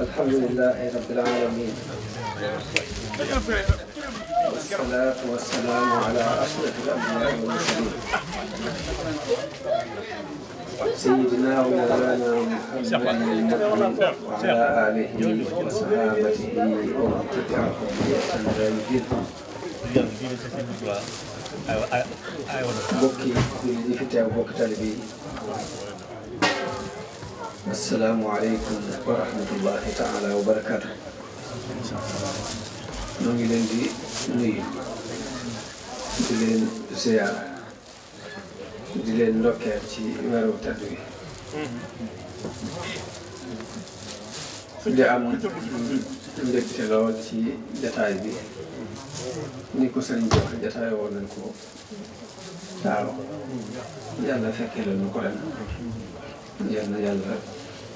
الحمد لله رب العالمين والصلاة والسلام على أشرف الأنبياء والمرسلين سيدنا ومولانا محمد وعلى آله وصحابته ومن تبعهم بإحسان bokki kuy ñi fi teew bokki tali bi asalaamualeykum wa rahmatullahi taala wa barakaatu ñoo ngi leen di nuyu di leen ziyaar di leen ndokkeel ci weeru tedd wi mm-hmm. di am mbégte lool ci jataay bi ni ko sëriñ bi jataay woon nañ ko daaw yàlla fekkee la ko ren yal yàlla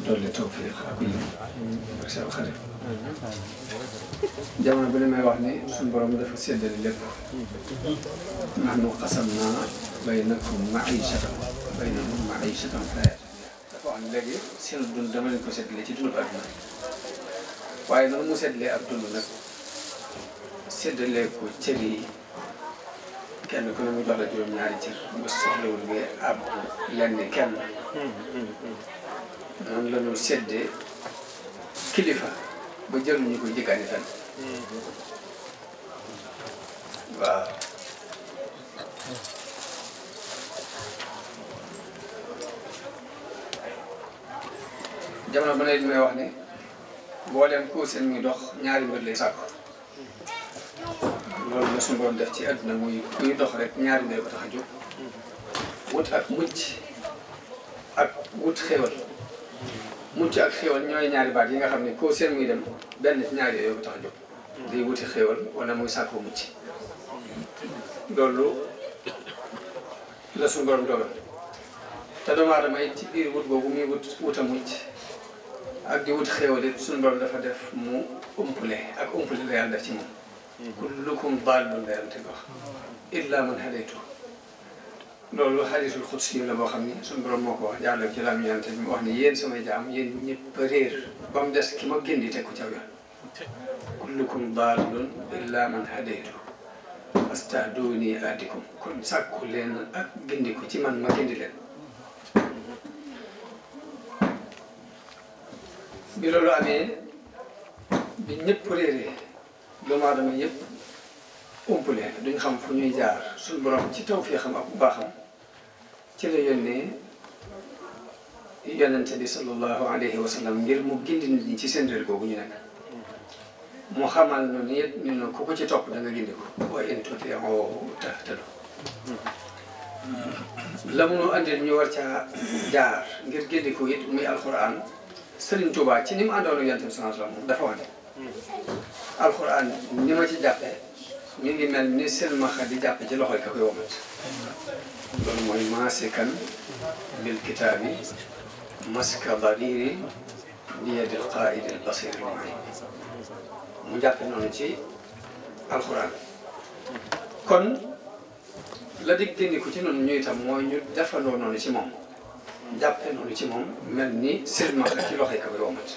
dolli tawfiq ak yiw ak seen xarit jamono bi li may wax ni suñu borom dafa séddale lépp nahnu qasamnaa baynakum ma'iishatakum baynahum ma'iishatakum fil hayaati dunya dafa wax léegi seen dund dama leen ko séddale ci dund àdduna waaye noonu mu séddalee ak dund nag séddalee ko ku ne mu jox la juróom-ñaari cër nga soxlawul noonu la ñu seddee kilifa ba jël ñu ko jëkkaani fenn waaw jamono ba ne may wax ne boo leen ko seen muy dox ñaari mbir lay sàkk loolu la suñu doon def ci àdduna muy kuy dox rek ñaari mbir ba tax a jóg wut ak mucc ak wut xéwal ci ak xéewal ñooy ñaari baat yi nga xam ne koo seen muy dem benn ñaari yooyu tax a jóg day wuti xéewal wala muy sàkku mucc loolu la suñu borom dogal te doomu aadama it ci biir wut boobu muy wut wut a ak di wut xéewal it borom dafa def mu umpule ak umpule la yàlla def ci moom hmm. kullukum daalun la yàlla te wax man hadaytu loolu hadisul xudsi la boo xam ni suñu borom moo ko wax jaarale ko ci laam yonent bi mu wax ni yéen samay jaam yéen ñëpp réer ba mu des ki ma génn di teg ko caw yoon kullukum daalun illaa man hadaytu fastahduni ahdikum kon sàkku leen ak gindiku ci man ma gindi leen bi loolu amee bi ñëpp réeree doomu aadama yëpp umpule duñ xam fu ñuy jaar suñu borom ci taw fii xam ak bu baaxam ci la yónnee yonente bi sallallahu alayhi wa sallam ngir mu gindi nit ci seen réer googu ñu nekk mu xamal nu ni it ñu ne ku ko ci topp da gindi ko wa in tuti'uhu tahtadu la mu andil ñu war caa jaar ngir gindi ko it muy alquran Serigne Touba ci ni mu àndoon ak yonente bi sallallahu alayhi wa sallam dafa wane alquran ci jàppe mi ngi mel ni seen maxa di jàppe ci loxoy ka koy womat loolu mooy maasikan bil kitaabi maska dariri bi yadil qaa'idil basir mu jàppe noonu ci alxuraan kon la dig dindiku ci noonu ñuy tam mooy ñu defandoo ci moom jàppe ci moom mel ni sirmaxa ci loxoy ka bi womat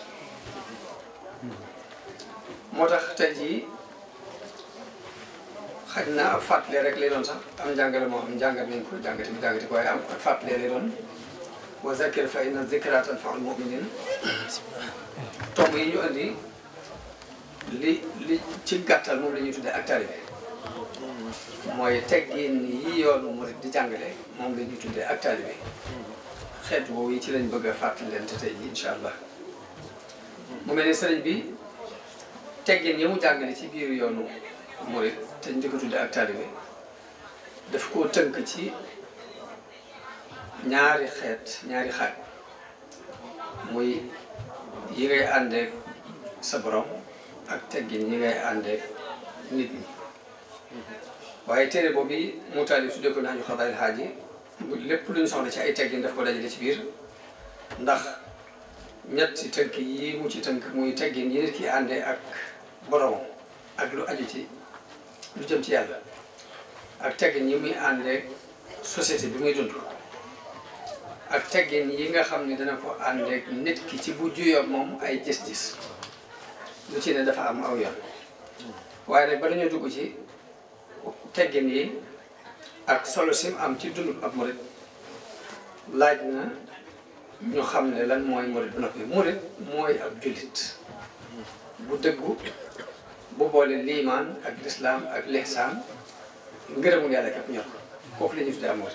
moo tax tey jii xaj na fàttali rek lay doon sax am njàngale moo xam nañ ko jàngati ko jàngati waaye am ak fàttali lay doon wa zakir fa inna zikra tanfa'ul mu'minin tomb li li ci gàttal moom la ñuy tuddee mooy teggin yoonu di jàngale moom la ñuy tuddee ak taalibe xeet woowu yi ci lañ bëgg a fàttali leen te tey jii allah mu mel sëriñ bi teggin yi mu jàngale ci biir yoonu. mooy te ñu di ko ak taalibe daf koo tënk ci ñaari xeet ñaari xaaj muy yi ngay àndeek sa borom ak teggin yi ngay àndeek nit ñi waaye téere boobu mu taalif su dee ko naa ñu xadaayil xaaj yi lépp lu ñu soxla ci ay teggin daf ko dajale ci biir ndax ñetti tënk yi mu ci tënk muy teggin yi nit ki àndee ak borom ak lu aju ci lu jëm ci yàlla ak teggin yi muy àndee société bi muy dund ak teggin yi nga xam ni dana ko àndee nit ki ci bu juyoo moom ay gis-gis ci ne dafa am aw waaye nag ba dañoo dugg ci teggin yi ak solo sim am ci dund ab murit laaj na ñu xam ne lan mooy murit bu noppi murit mooy ab jullit bu dëggu bu boolee liimaan ak lislaam ak lihsaan ngërëmu yàlla képp ñor ko kooku la ñuy tuddee amour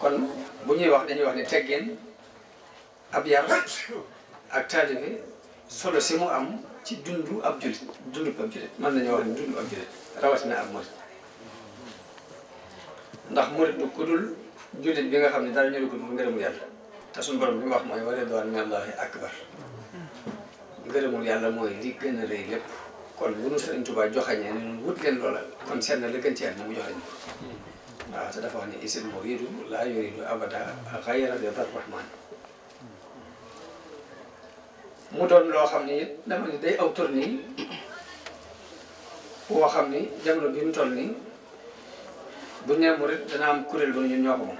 kon bu ñuy wax dañuy wax ne teggin ab yar ak taalibe solo si mu am ci dundu ab julit dundu ab julit mën nañoo wax ne dundu ab julit rawatina ab murit ndax murit du ku dul julit bi nga xam ne dara ñëwagul mu ngërëmu yàlla te suñu borom bi mu wax mooy wa ridwaanu minallaahi akbar ngërëmul yàlla mooy li gën a lépp kon bu nu Sëriñ Tuubaa joxañee ne ñun wut leen loola seen na la mu joxañ ko waaw te dafa wax ne isil muriidu laa mu doon loo xam ni it day aw nii woo xam ni jamono bi mu toll nii bu ñu nee murit dana am kuréel bu ñun ñoo ko moom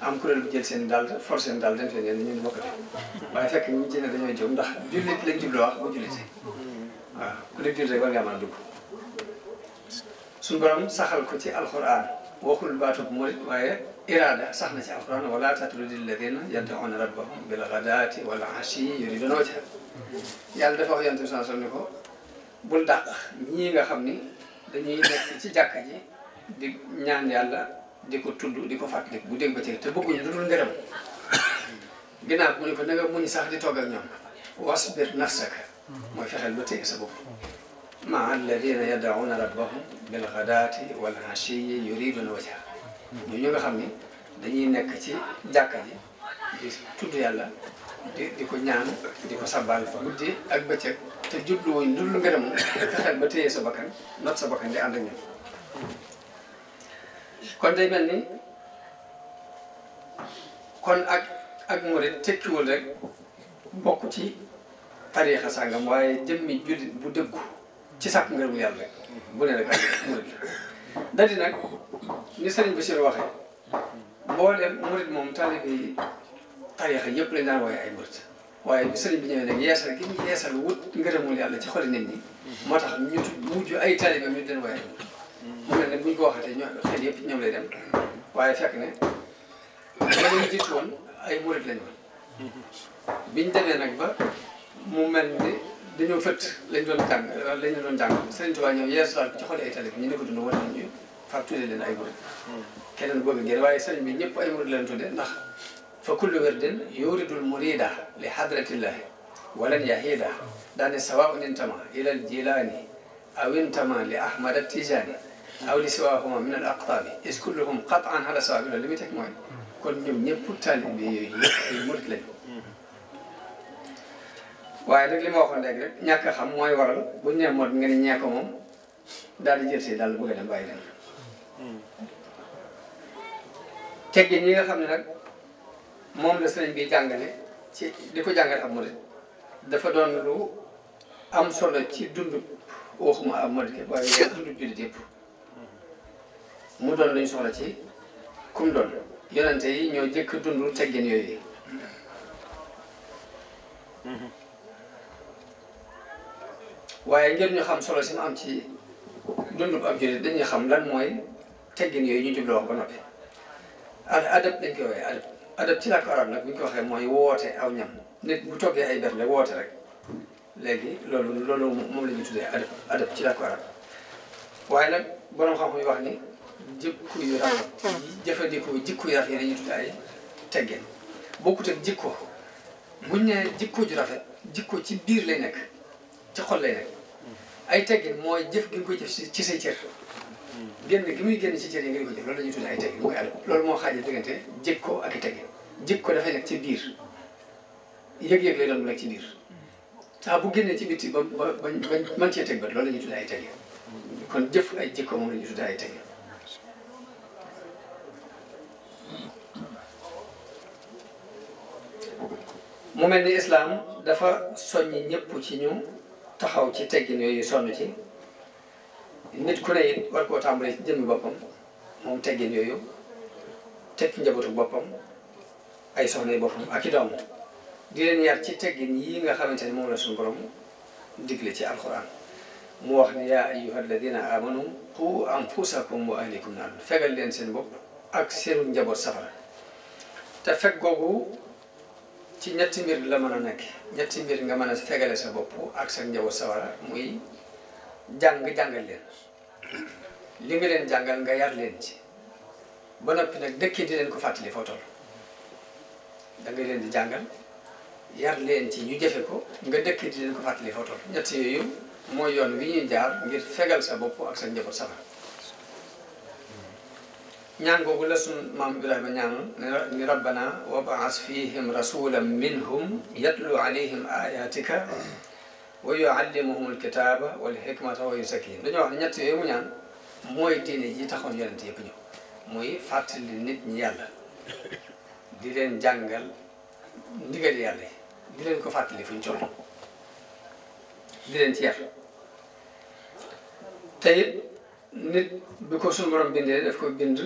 am kuréel bi jël seen daal for seen daal dem seen yoon ñun bokkati waaye fekk ñu ci ne dañoo jóg ndax jullit lañ jubloo wax bu julliti waaw ku def jullit a dugg suñu borom saxal ko ci alxuraan waxul baatub murit waaye iraada sax na ci alxuraan wala tatrudi alladina yad'una rabbahum bil ghadaati wal ashi yuriduna wajha yàlla dafa wax yonent bi sallallahu alayhi wasallam ni ko bul dàq ñii nga xam ni dañuy nekk ci jàkka ji di ñaan yàlla di ko tudd di ko fàttali bu dégg ba tey te bëgguñu lu dul ngërëm ginnaaw mu nga muñ sax di togg ak ñoom wasbir nafsaka mooy fexeel ba téye sa bopp maa alladina yadauna rabbahum bil xadaati wal asiyi yuriduna nga xam ni dañuy nekk ci jàkka ji yàlla di ko ñaan di ko sabal ak bëccëg te jubluwuñ lu dul ngërëm ba téye sa bakkan not sa bakkan di ànd ak ñoom kon day mel ni kon ak ak murit tekkiwul rek bokk ci tariixa sàngam waaye mi jullit bu dëggu ci sàkk ngërëmu yàlla rek bu ne rek ak murit dadi nag ni sëriñ Bachir waxee boo dem murit moom taalibe yi tariixa yëpp lañ daan waaye ay murit waaye bi sëriñ bi ñëwee nag yeesal gi ñu yeesal wut ngërëmul yàlla ci xoli nit ñi moo tax ñu mujj ay taalibe ñu den waaye mu mel ne bu ñu ko waxatee ñoom xel yëpp ñoom lay dem waaye fekk ne ñooñu jiitu woon ay murit lañu woon. biñ demee nag ba mu mel ni dañoo fëtt lañ doon jàng lañ doon jàng Sëriñ Tuubaa ñoom yeesuwaat ci xol ay talib ñu ne ko dund war nañu far tuddee leen ay murit. keneen bëgg ngeen waaye sëriñ bi ñëpp ay murit lañ tuddee ndax fa kullu wirdin yuridul murida li hadratillahi walan yahida daane sawaun intama ilal jilani aw intama li ahmada tijani aw li siwaahuma min al aqtaabi is kulluhum qat'an ala sawa bi loolu li muy teg mooy kon ñoom ñëpp taalib bi yooyu ay murit lañ waaye nag li ma waxoon léegi rek ñàkk xam mooy waral bu ñu nee mot nga ne moom daal di jël a dem bàyyi leen nga xam ne nag moom la sëriñ bi jàngale ci di ko jàngale am murit dafa doon lu am solo ci dundub waxuma am murit waaye dundub jullit yëpp mu doon lañu soxla ci kum doon yonente yi ñoo jëkk dund teggin yooyu waaye ngir ñu xam solo si mu am ci dundub ab jullit dañuy xam lan mooy teggin yooyu ñu jubloo wax ba noppi ad adab dañ koy ci làkk arab nag bu ñu ko waxee mooy woote aw ñam nit bu toggee ay berle woote rek léegi loolu loolu moom la ñuy tuddee adab ci làkk arab waaye nag boroom xam-xam yi wax ni jikko yu rafet jëfandikoo jikko yu rafet yi dañuy tudd ay teggin bokkut ak buñ ne jikko ju rafet jikko ci biir lay nekk ci xol lay nekk ay teggin mooy jëf gi ko koy jëf ci say cër génn gi muy génn ci cër yi nga di ko jëf loolu la ñuy tudd ay teggin mooy loolu moo xaajal diggante jikko ak i teggin jikko dafay ci biir yëg-yëg lay doon ci biir saa bu génnee ci bitti ba ba ba man cee teg ba loolu la ñuy tudd ay teggin kon jëf ay jëkkoo moom la ñuy tudd mu mel ni islaam dafa soññi ñëpp ci ñu taxaw ci teggin yooyu sonn ci nit ku ne it war koo tàmbalee ci jëmmi boppam moom teggin yooyu tekki njabootu boppam ay soxna yi boppam ak i doom di leen yar ci teggin yi nga xamante ne moom la suñu borom digle ci alxuraan mu wax ni yaa ayyuha alladina amanu qu anfusakum wa ahlikum naaran fegal leen seen bopp ak seenu njaboot safara te fekk googu ci ñetti mbir la mën a nekk ñetti mbir nga mën a fegale sa bopp ak seen njaboot safara muy jàng jàngal leen li nga leen jàngal nga yar leen ci ba noppi nag dëkkee leen ko fàttali foo toll leen di jàngal yar leen ci ñu jëfe ko nga dëkkee di leen ko fàttali foo toll ñett yooyu mooy yoon wi ñuy jaar ngir fegal sa bopp ak sa njaboot safara ñaan googu la sun maam Ibrahima ñaanoon ne rabbana wabaas fihim rasulan minhum yatlu alayhim wa yuallimuhum alkitaba wal hikmata wa yusakkihim dañoo wax ne ñett yooyu mu ñaan mooy diine ji taxoon yonent nit ñi yàlla di leen jàngal ndigal yàlla yi di ko fàttali fu ñu toll di leen nit bi ko suñu borom bindee daf ko bind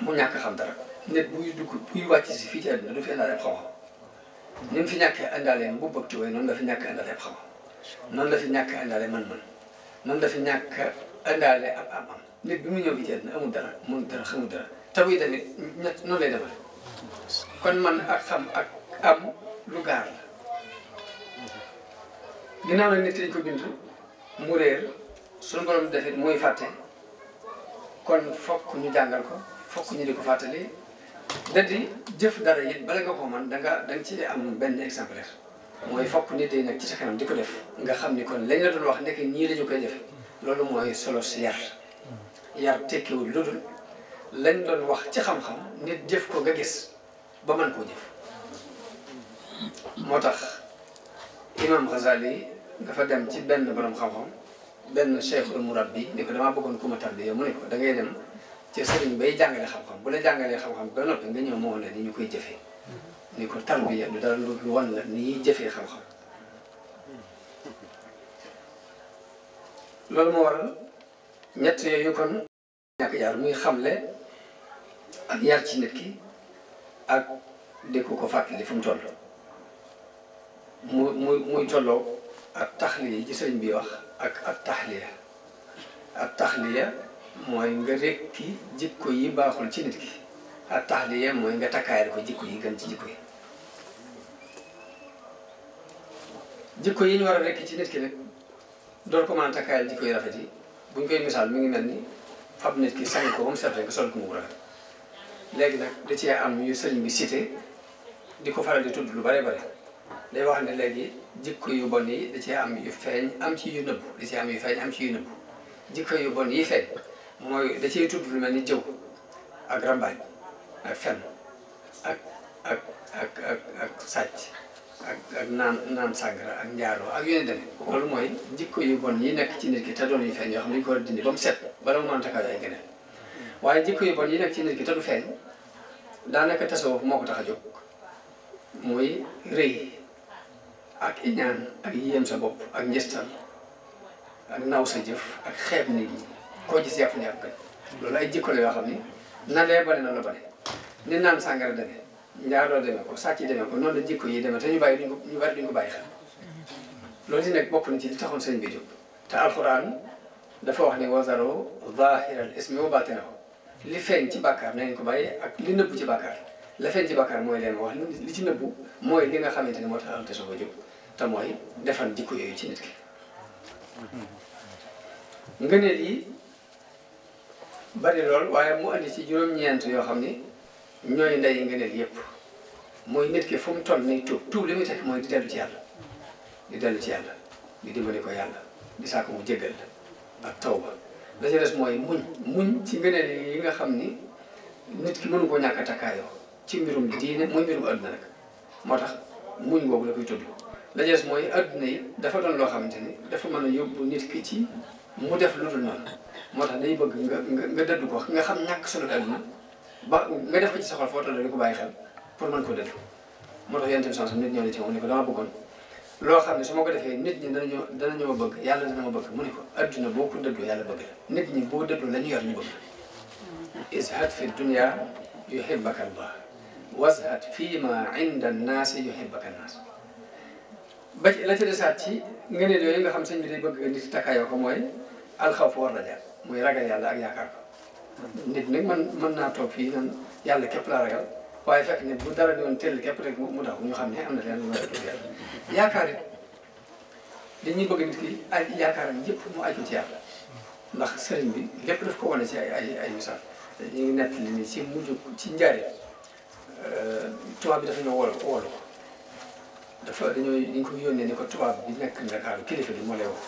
mu ñàkk xam dara nit buy dugg buy wàcc si fii ci àdduna du fi indaale ab xam-xam fi ñàkk indaale bu bëgg tuwee noonu la fi ñàkk indaale ab xam-xam noonu la fi ñàkk indaale mën am-am nit bi mu ñëw fii ci àdduna amul dara mun dara xamul dara taw yi tamit ñett noonu lay defal kon man ak xam ak am lu gaar la ginnaaw nag nit dañ ko bind mu réer suñu borom defit muy fàtte kon fokk ñu jàngal ko fokk ñu di ko fàttali da di jëf dara it bala nga ko man danga nga ci am benn exemplaire mooy fokk nit day nag ci sa kanam di ko def nga xam ni kon lañ la doon wax nekk ñii la ñu koy defe loolu mooy solo si yar yar tekkiwul lu dul lañ doon wax ci xam-xam nit jëf ko nga gis ba mën koo jëf moo tax imam Ghazali dafa dem ci benn borom xam-xam benn cheikhul murabbi ni ko damaa bëggoon ku ma tarbiya mu ne ko da dem ci sëriñ bay jàngale xam-xam bu la jàngalee xam-xam ba noppi nga la ni ñu koy jëfee ni ko tarbiya du dara lu wan xam-xam loolu moo waral ñett yooyu kon ñàkk yar muy xamle ak yar ci nit ki ak di ko ko fàttali fu mu toll mu muy tolloo ak taxliya ji sëñ bi wax ak ak taxliya ak taxliya mooy nga rekki jikko yi baaxul ci nit ki ak taxliya mooy nga takkaayal ko jikko yi gën ci jikko yi jikko yi ñu war a rekki ci nit ki nag door ko mën takkaayal jikko yi rafet yi buñ koy misaal mi ngi mel ni fab nit ki sang ko ba mu set sol ko mu rafet léegi nag da cee am yu sëñ bi cité di ko faral di tudd lu bare bare day wax ne léegi jikko yu bon yi da ci am yu feeñ am ci yu nëbb da am yu feeñ am ci yu yu bon yi feeñ mooy da ciy tudd lu mel ni jëw ak rambaaj ak fen ak ak ak ak ak ak ak naan naan sàngara ak njaaroo ak yeneen demee loolu mooy jikko yu bon yi nekk ci nit ki te doon yu feeñ yoo xam ne ñu ko war dindi ba mu set bala mu mën takaw ay gëneen waaye jikko yu bon yi nekk ci nit ki te du feeñ daanaka tasawuf moo ko tax a jóg muy rëy ak iñaan ak yéem sa bopp ak njëstal ak naw sa jëf ak xeeb nit ñi koo gis yàpp ne ak loolu ay jikko la yoo xam ni na lee bare na la bare ni naan sàngara demee njaaloo demee ko sàcc demee ko noonu la jikko yi demee te ñu bàyyi duñ ko ñu bari duñ ko bàyyi xel loolu di nekk bokk ci li taxoon bi te alxuraan dafa wax ni wazaro zahiral ismi wa batinahu li feeñ ci bàkkaar nañ ko bàyyi ak li nëbbu ci bàkkaar la feeñ ci bàkkaar mooy leen wax li ci nëbbu mooy li nga xamante ni moo tax al te soo te mooy defal jikko yooyu ci nit ki ngëneel yi bari lool waaye mu andi ci juróom-ñeent yoo xam ni ñooy ndeyi ngëneel yépp mooy nit ki fu mu toll nii tuub tuub li muy teg mooy di dellu ci yàlla di dellu ci yàlla di dimbali ko yàlla di sàkk mu jéggal ak tawba la ci des mooy muñ muñ ci ngëneel yi nga xam ni nit ki mënu ko ñàkk a takkaayoo ci mbirum diine muy mbirum àdduna nag moo tax muñ boobu la koy tudd la jees mooy adduna yi dafa doon loo xamante ni dafa mën a yóbbu nit ki ci mu def lu dul noonu moo tax day bëgg nga nga nga dëddu ko nga xam ñàkk solo adduna ba nga def ko ci sa ko bàyyi xel pour mën ko dëddu moo tax yeneen sens nit ñoo ne ci moom ne ko dama bëggoon loo xam ne su ma ko defee nit ñi danañoo danañoo bëgg yàlla dana ma bëgg mu ne ko adduna boo ko dëddoo yàlla bëgg la nit ñi boo dëddoo la ñu yor ñu bëgg la izhad fi dunya yuhibbaka allah wazhad fii ma inda annaasi yuhibbaka annaas ba ci la ca desaat ci ngëneel yooyu nga xam sëñ bi day bëgg nit di takkaayoo ko mooy alxawfu war raja mooy ragal yàlla ak yaakaar ko nit nag man mën naa toog fii nan yàlla képp laa ragal waaye fekk ne bu dara di woon tell képp rek mu daw ñu xam ne am na leen lu war a yaakaar bëgg nit ki ay yaakaar yëpp moo aju ci yàlla ndax sëriñ bi lépp daf ko wane ci ay ay ay misaal ñu ngi nekk li nii ci mujj ci njaare euh, tubaab bi dafa ñoo wol wolu dafa dañoo dañ ko yónnee ni ko tubaab bi nekk Ndakaaru kilifa bi moo lay wax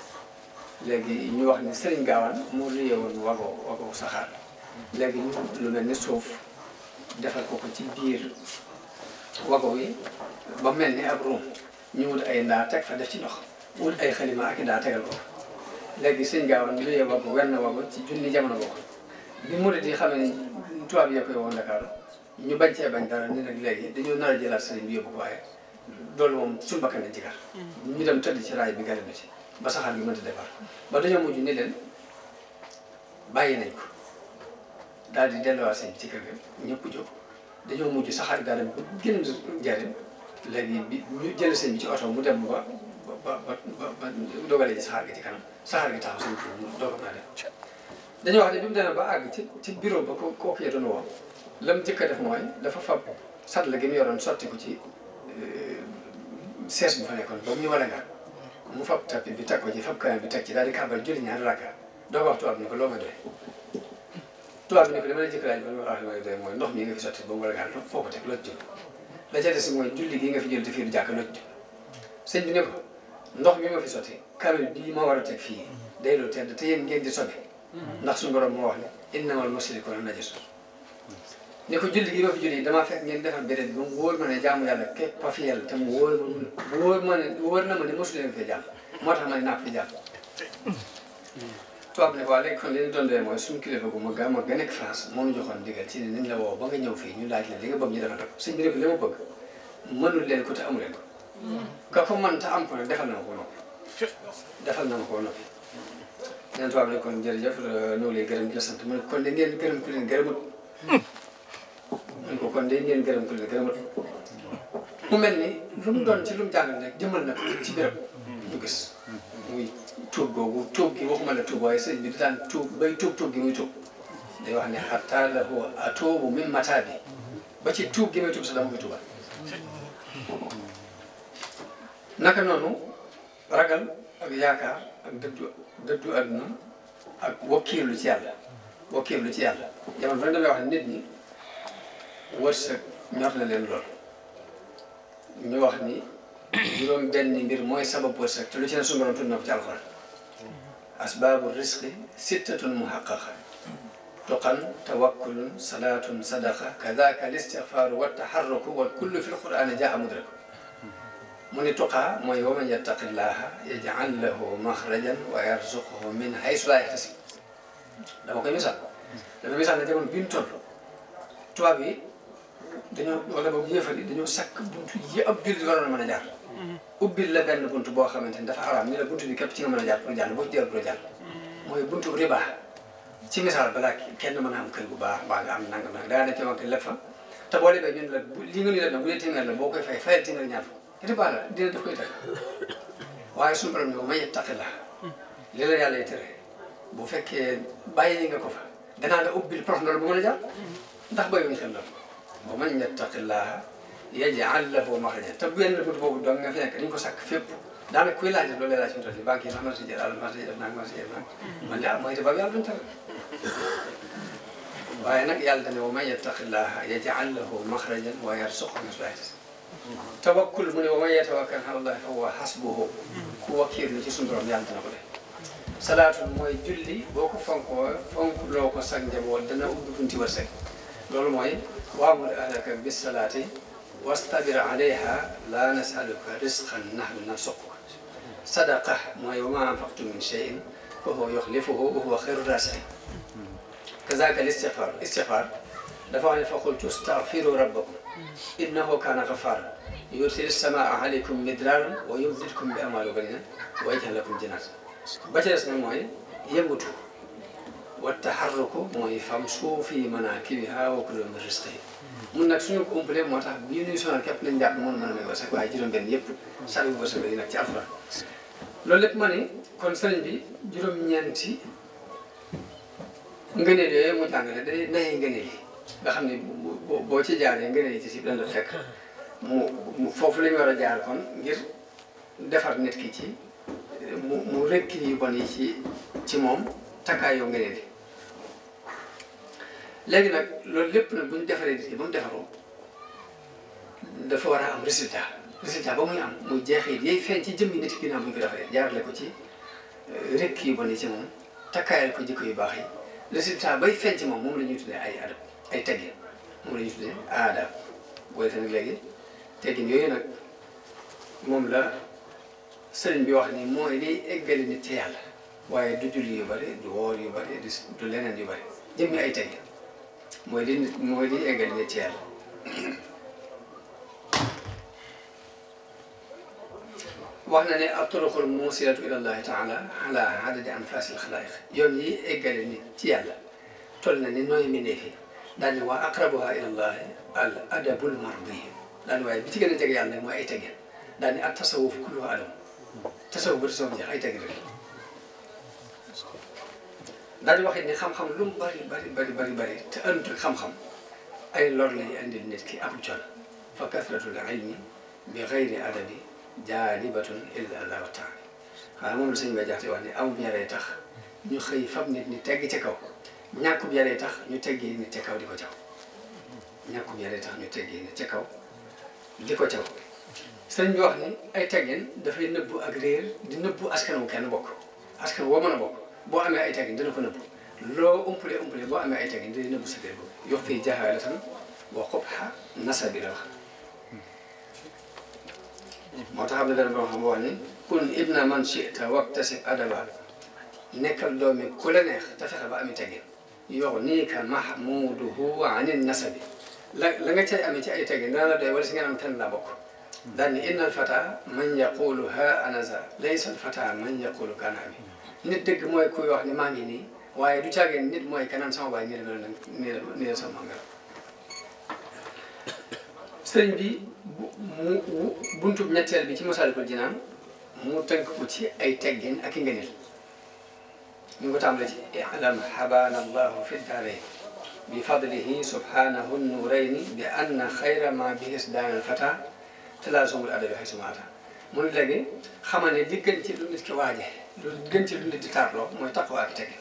léegi ñu wax ni Serigne Gaawaan moo luyee woon wago wago saxaar léegi ñu lu mel ni suuf defal ko ko ci biir wago yi ba mel ni ab ruum ñu wut ay ndaa teg fa def ci ndox wut ay xalima ak i ndaa tegal ko léegi Serigne Gaawaan luyee wago wenn wago ci junni jamono boobu bi murid yi xam ne tubaab yee koy woon Ndakaaru ñu bañ cee bañ dara ni nag léegi dañoo nar a sëriñ bi yóbbu ko loolu moom suñu bakkan lañ ci gar ñu dem tëdd ci raay bi gari na ci ba saxaar bi mënta defar ba dañoo mujj ni leen bàyyi nañ ko daal di delluwaat seen ci kër gi ñëpp saxaar gaa dem génn njariñ léegi bi ñu seen bi ci oto mu dem ba ba ba saxaar gi ci kanam saxaar gi taxaw seen kër mu doog naa def dañoo wax ne bi ba àgg ci ci bureau ba ko kooku yee doon woo lam jëkk def mooy dafa fab sat la gi mu yoroon sotti ko ci euh, sees bu fa nekkoon ba mu ñëwal a ngar mu fab tapis bi teg ko ci fab kaay bi teg ci daal di kàmbar julli ñaari rakka doo ko wax tubaab bi ne ko loo ma doy tubaab bi ne ko dama la jëkk laaj ba wax ma mooy ndox mi nga fi sotti ba mu war a gàll foo ko teg loo ci la ca des mooy julli gi nga fi jël te fii du jàkk loo ndox mi ma fi sotti kàlu bii fii day lu tedd te yéen ndax suñu borom moo wax ne innamal mushrikuuna ne ko julli gi ma fi julli damaa fekk ngeen defal béréb bi moom wóor ma ne jaamu yàlla képp a fi te mu wóor ma ne wóor na ma ne mosu leen fee jàll moo tax ma ne ko fi jàll. tubaab ne ko waa léegi ma gàmm ga nekk France moom ñu joxoon digal ci ne la woo ba nga ñëw fii ñu laaj la li nga bëgg ñu defal ko sëñ bi ne ko li ma bëgg mënul leen ko te amu leen ko. ka ko mën te am ko nag defal na ma ko noppi. defal na ma ko noppi. nee na tubaab ne kon jërëjëf euh, ñoo ngi gërëm di la gërëm ku ñu ko kon day ngeen mu mel ni lu mu doon ci lu mu jàngal rek jëmal na ci ci béréb ñu gis muy tuub googu tuub gi waxuma la tuub waaye sëñ bi daan tuub bay tuub tuub gi muy tuub day wax ne xataa la ko bi ba ci tuub gi may tuub sa dama koy tuubal naka noonu ragal ak yaakaar ak dëddu dëddu àdduna ak lu ci yàlla wakkiirlu ci yàlla jamono fa ne damay wax ne nit ñi wërsëg ñor na leen lool ñu wax ni juróom benn mbir mooy sabab wërsëg te lu ci ne suñu borom tudd na ko ci alxuraan asbaabu risqi sittatun muhaqqaqa tuqan tawakkulun salaatun sadaqa kadaka al istixfaaru wa taxarruku wal kullu fi lqur'aani jaa mudrak mu ni tuqaa mooy waman yattaqillaha yaj'al lahu maxrajan wa yarzuqhu min haysu laa yaxtasib dama koy misaal dama misaal ne jamono bi mu toll tubaab yi dañoo wala boobu yéefar yi dañoo sakk buntu yi ab jullit waroon a mën a jaar mm-hmm. ubbil la benn bunt boo xamante ni dafa araam ñu la buntu bi képp ci nga mën a jaar pour jàll boo ci jaar pour jàll mm-hmm. mooy buntu riba ci misaal balaa kenn mën a am kër bu baax mbaa nga am nangam nag a da ci wank leb fa te boo lebee ñun la li nga ñu leb nag bu dee téeméer la boo koy fay fayal téeméer ñaar fa riba la dina daf koy teg waaye suñu borom ne ko may taqi la mm-hmm. li la yàlla tere bu fekkee bàyyi nga ko fa danaa la ubbil prof loolu bu mën a jaar ndax béy wuñ wa man yattaqillaha yaj'al lahu makhrajan te benn bët boobu dong nga fi nekk dañu ko sàkk fépp daanaka kuy laajee loolu lay laaj suñu tool yi banque yi man si jël alal man si def naag man si def naag man daal mooy te ba yàlla duñu tal waaye nag yàlla dane wa man yattaqillaha yaj'al lahu makhrajan wa yarzuqhu min haythu tawakkul mu ne wa man yatawakkal ala llahi fa huwa hasbuhu ku wakkiirlu ci suñu borom yàlla dana ko def salaatu mooy julli boo ko fonkoo fonk loo ko sag njaboot dana ubbi bunti wërsëg loolu mooy wa'mur ahlaka bis-salaati wastabir alayha laa nas'aluka rizqan nahnu narzuquka sadaqa mooy wa maa anfaqtum min shay'in fa huwa yukhlifuhu wa huwa khayru r-raaziqiin kazaaka l-istigfaar istigfaar dafa wax ne fa qultu istaghfiru rabbakum innahu kaana ghaffaaran yursil samaa'a alaykum midraaran wa yumdidkum bi amwaalin wa baniina wa yaj'al lakum jannaat ba ca des nag mooy yëngatu wa taxarruku mooy fam suufi manaakibihaa wa kulu min rizqihi mun nag suñu ko umpalee moo tax bu ñu nuyu sonal képp lañ jàpp moom mën a may wasak waaye juróom-benn yëpp sabi wasame yi nag ci alxuraan loolu lépp ma ne kon sëriñ bi juróom-ñeenti ngëneel yooyu mu jàngale day naye ngëneel yi nga xam ne boo ci jaaree ngëneel yi ci si dan la fekk mu foofu la ñu war a jaar kon ngir defar nit ki ci mu mu rekk yu bon yi ci ci moom takkaayoo ngëneel yi léegi nag loolu lépp nag bu defaree nit ki ba mu defaroo dafa war a am résultat résultat ba muy am muy jeexit yay feeñ ci jëmmi nit ki ginnaaw bu ñu ko defaree jaarale ko ci euh, rek yu bone ci moom takkaayal ko jikko yi baax yi résultat bay feeñ moom moom la ñuy tuddee ay adab ay teggin moom la ñuy tuddee aadab booy te nag léegi teggin moom la sëriñ bi wax ni mooy liy eggali nit ci yàlla waaye du julli yu bëri du woor yu bëri du leneen yu bëri jëmmi ay teggin mooy li nit mooy li eggal nit yàlla wax na ne at-turuqul muusilatu ila llahi taala ala adadi anfasil xalaayiq yoon yi eggale nit ci yàlla toll na ni nooy mbindéef yi daal ne waa aqrabuha ila llahi al adabul mardi daal ne waaye bi ci gën a jege yàlla mooy ay tegin daal ne at tasawuf kulluhu adab tasawuf ba tasawuf jeex ay tegin rek daal waxit ni xam-xam lu bari bari bari bari bari te ënd xam-xam ay lor lay indil nit ki ab col fa kasratul ilmi bi xayri adabi jaalibatun illa allah taala xanaa moom la sëñ Ba jaxte wax ni aw yaree tax ñu xëy fab nit ñi tegg ci kaw ñàkkub yaree tax ñu teggee nit ci kaw di ko caw ñàkkub yaree tax ñu teggee nit ca kaw di ko caw sëñ bi wax ni ay teggin dafay nëbbu ak réer di nëbbu askan wu kenn bokk askan woo mën a bokk boo amee ay teggin dina ko nëbb loo umpalee umpalee boo amee ay teggin dina nëbb sa kër boobu yox fii jahalatan wa qubha nasabi la wax moo tax am na benn boo xam wax ni kun ibna man chita waktasib adaba nekkal doomi ku la neex te fexe ba ami teggin yox nii ka mahmuduhu anil nasabi la la nga cay amee ci ay teggin dana la doy wala si ngeen am ten la bokk daal ni inna al fata man yaqulu ha anaza laysa al fata man yaqulu kana abi nit dëgg mooy kuy wax ne maa ngi nii waaye du caagee nit mooy kanaan sama baay nii la mel nii la nii la bi mu buntub ñetteel bi ci Masaalikul Jinaan mu tënk ko ci ay teggin ak i ngëneel ñu ngi ko tàmbalee ci i'lam habaana allahu fi daarayni bi fadlihi subhanahu nuurayni bi anna xayra ma bihis daanal fata talaasumul adabi xay suma ata mun léegi xamal ne li gën ci lu nit ki waaje lu gën ci lu nit di taarloo mooy taqwa ak tege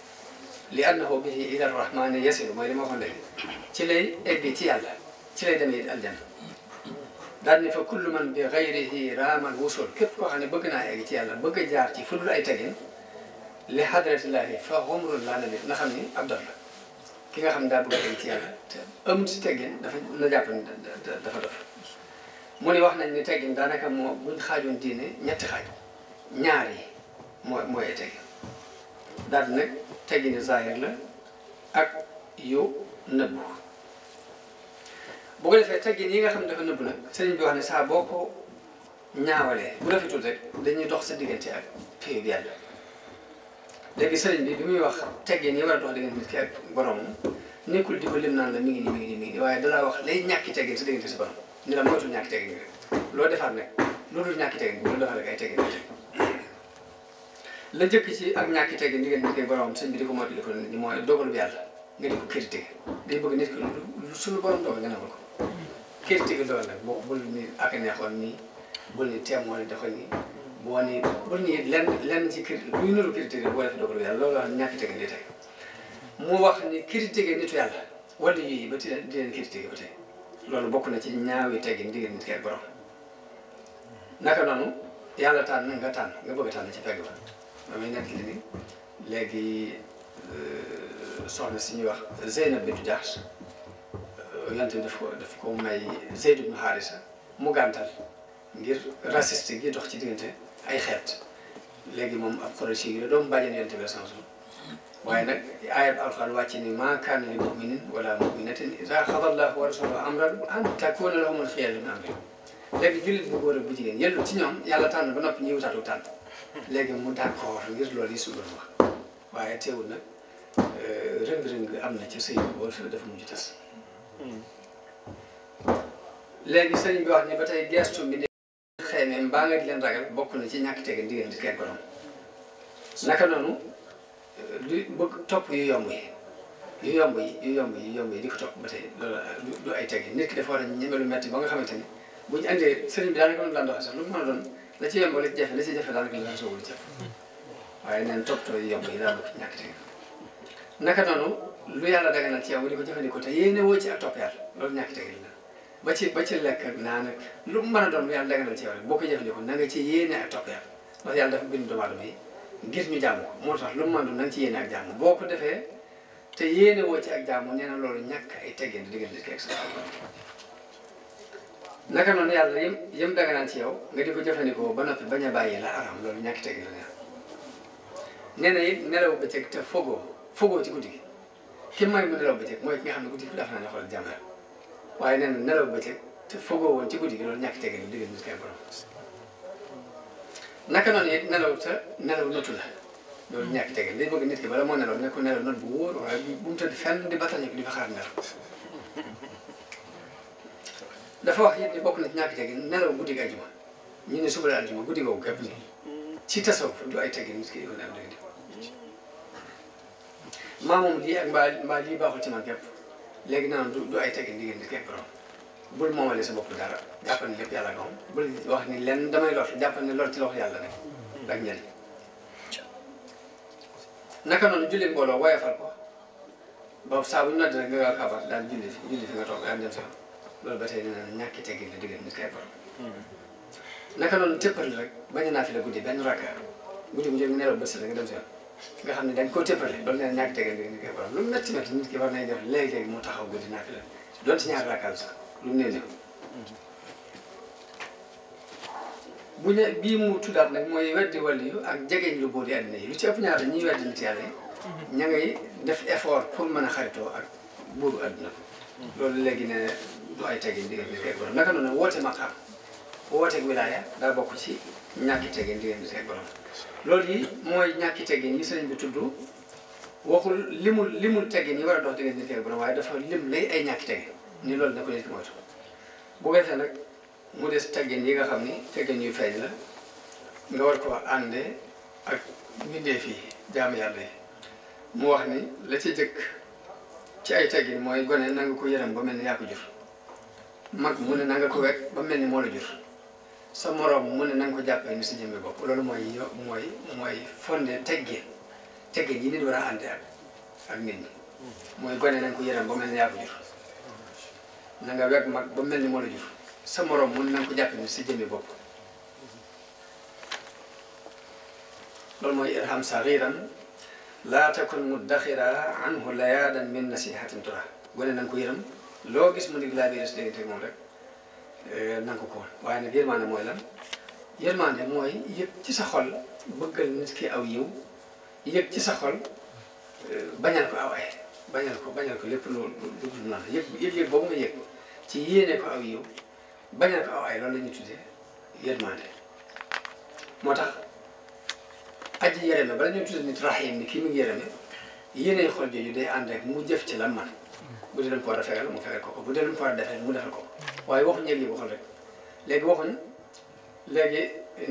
li annahu bihi ila rahmani yasiru mooy li ma ko léegi ci lay egg ci yàlla ci lay demee it aljanna daal fa kullu man bi gayrihi raamal wusul képp koo xam ne bëgg naa egg ci yàlla bëgg jaar ci fudul ay tegin li hadratillahi fa xumrun laa nabi na xam ni ab ki nga xam ne daa bëgg a egg ci yàlla te amul ci teggin dafa na jàpp ne mu ne wax nañ ni teggin daanaka moo buñ xaajoon diine ñetti xaaj ñaar yi mooy mooy ay teggin daal di nag teggini zaahir la ak yu nëbbu bu defee teggin yi nga xam ne dafa nëbbu nag sëriñ bi wax ne saa boo ko ñaawalee bu rafetul rek dañuy dox sa diggante ak fii bi yàlla léegi sëriñ bi bi muy wax teggin yi war a dox diggante nit ki ak borom nekkul di ko lim naan la mi ngi nii mi waaye dalaa wax ñàkki teggin sa diggante si borom ni la moytul ñàkki teggin bi rek loo defaat nag loolu ñàkki teggin bi loolu defaat rek ay teggin bi la jëkk ci ak ñàkki tege ndi ngeen liggéey borom ko moytu li ko nit ñi mooy dogalu ni ak neexoon nii bul ni teemoon dafa nii boo ni bul ni lenn lenn ci critique luy nuru critiquer boo def dogalu wax ni critiquer nitu yàlla wala yii ba ti di loolu bokk na ci ñaawi tegi ndi ngeen nit ki ak naka noonu yàlla tànn nga tànn nga bëgg a tànn ci pegg ba ba muy nekk ni léegi euh, soxna si ñuy wax Zeynab bintu Jahsh euh, yonte bi daf ko daf ko may Zeyd ibnu Haarisa mu gàntal ngir raciste gi dox ci diggante ay xeet léegi moom ab Qurayshi yi la doomu bàjjen yonte bi waaye nag ayat alxuraan wàcc ni maa kaana li muminin wala muminatin iza xada llaahu wa rasuluhu amran an takuuna lahumul xiyaratu min amrihim léegi jullit bu góor bu jigéen yellu ci ñoom yàlla tànn ba noppi ñuy wutaatu tànn léegi mu d'accord ngir loolu yi su doon wax waaye teewul nag euh, rëng-rëng am na ca sëy bi boo fi dafa mujj tas léegi sëñ bi wax ni ba tey gestu bi ne xëy na mbaa nga leen ragal bokk na ci ñàkk tege diggante keeg borom naka noonu lu euh, bëgg topp yu yomb yi yu yomb yi yu yomb yi yu yi di ko topp ba tey loolu euh, du ay tege nit ki dafa war a ñeme lu metti ba nga xamante ni bu ñu andee sëriñ bi daanaka doon daan doxee sax lu mu mën a doon la ci yomb la ci jafe la ci jafe daal la ci yomb waaye yi yomb yi daal la ci ñàkk lu yàlla daganal ci yow di ko jëfandikoo te yéene woo ci loolu ñàkk teg la ba ci ba ci lekk ak naan ak lu mu mën a doon lu yàlla daganal ci yow boo ko jëfandikoo na nga ci yéene ak topp yàlla ndax yàlla dafa ñu jàmm ko moo tax lu mu na ci yéene ak jàmm boo ko defee te yéene woo ci ak jàmm nee na loolu ñàkk ay teggin di diggante ak sa naka noonu yàlla yëm yëm daganaan nga di ko jëfandikoo ba noppi bañ a bàyyi la aram loolu ñàkk tegi na it nelaw bëccëg te fogoo fogoo ci guddi gi ki may mu nelaw bëccëg mooy ki nga xam ne guddi gi dafa naa ne xool la nee na nelaw bëccëg ci guddi gi loolu ñàkk tegi la diggante nit kay nelaw te nelaw notu la loolu ñàkk tegi dañ bëgg nit moo nelaw ne ko nelaw not bu wóor waaye bu mu tëdd fenn di batal ñu di fa xaar nelaw dafa wax yéen ni bokk na ci ñàkk teggin nelaw guddi gi àjjuma ñu ne suba la àjjuma guddi googu képp ni ci tasawuf du ay teggin nit ki dafa daan doy lii ak mbaa mbaa lii baaxul ci man képp léegi naan du ay teggin diggante képp borom bul moomale sa bopp dara jàppal ne lépp yàlla wax ni lenn damay lor jàppal ne lor ci loxo yàlla rek ak njëriñ naka noonu julli mbooloo woyofal ko boobu saa bu ñu nodd rek nga gaaw a xabaar daal julli fi nga toog daal dem sa loolu ba tey nee na ñàkk teggin la diggante nit kay borom. Hmm. naka noonu tëppal rek bañ naa fi la guddi benn rakka guddi bu njëkk nelaw bët si la nga dem si nga xam ne dañ koo tëppale loolu nee ñàkk teggin la nit kay borom lu métti métti nit ki war nañ def léegi-léegi mu taxaw guddi naa fi la doon si ñaar rakkaal sax lu mu nee bu bii mu tuddaat nag mooy weddi wàll yu ak jegeñ lu bóor yi àddina yi lu ci ëpp ñaar ñuy weddi nit yàlla yi hmm. ña ngay def effort pour mën a xaritoo ak buuru àddina hmm. loolu léegi ne du ay tegin diggante teg borom naka noonu woote maqaam wooteeg wilaaya daa bokk ci ñàkki tegin diggante teg borom loolu yi mooy ñàkki tegin yi sëriñ bi tudd waxul limul limul tegin yi war a dox diggante teg borom waaye dafa lim lay ay ñàkki tegin ni loolu na ko nit ki moytu bu defee nag mu des teggin yi nga xam ni teggin yu feeñ la nga war ko àndee ak mbindeef yi jaamu yàlla yi mu wax ni la ci jëkk ci ay teggin mooy gone na nga ko yërëm ba mel ni yaa ko jur mag mu na nga ko wekk ba mel ni moo la jur sa moroom mu ne na nga ko jàppee si sa jëmmi bopp loolu mooy mooy mooy fonde teggin teggin yi nit war a ànde ak ak nit mooy gone na nga ko yërëm ba mel ni yaa ko jur nga wekk mag ba mel ni moo la jur sa moroom mu ne na nga ko jàppee ni sa jëmmi bopp loolu mooy irham saxiran laa takun muddaxira anhu layaadan min nasihatin tura gone na nga ko yërëm loo gis mu dig laa biir te moom rek euh, nangu ko woon waaye nag yërmaande mooy la yërmaande mooy yëg ci sa xol bëggal nit ki aw yiw yëpp ci sa xol euh, bañal ko aw ay bañal ko bañal ko lépp loolu dugg yëpp yëg yëg boobu nga yëg ci yéene ko aw yiw bañal ko aw ay loolu la ñuy yërmaande moo tax aji yërëme bala ñuy tuddee nit rahim ni kii mu ngi yërëme yéene xol jooju day ànd rek mu jëf ci lan man bu dee dañ ko war a fayal mu fayal ko ko bu dee dañ ko war a defal mu defal ko ko waaye waxuñ njëg yi waxuñ rek léegi waxuñ léegi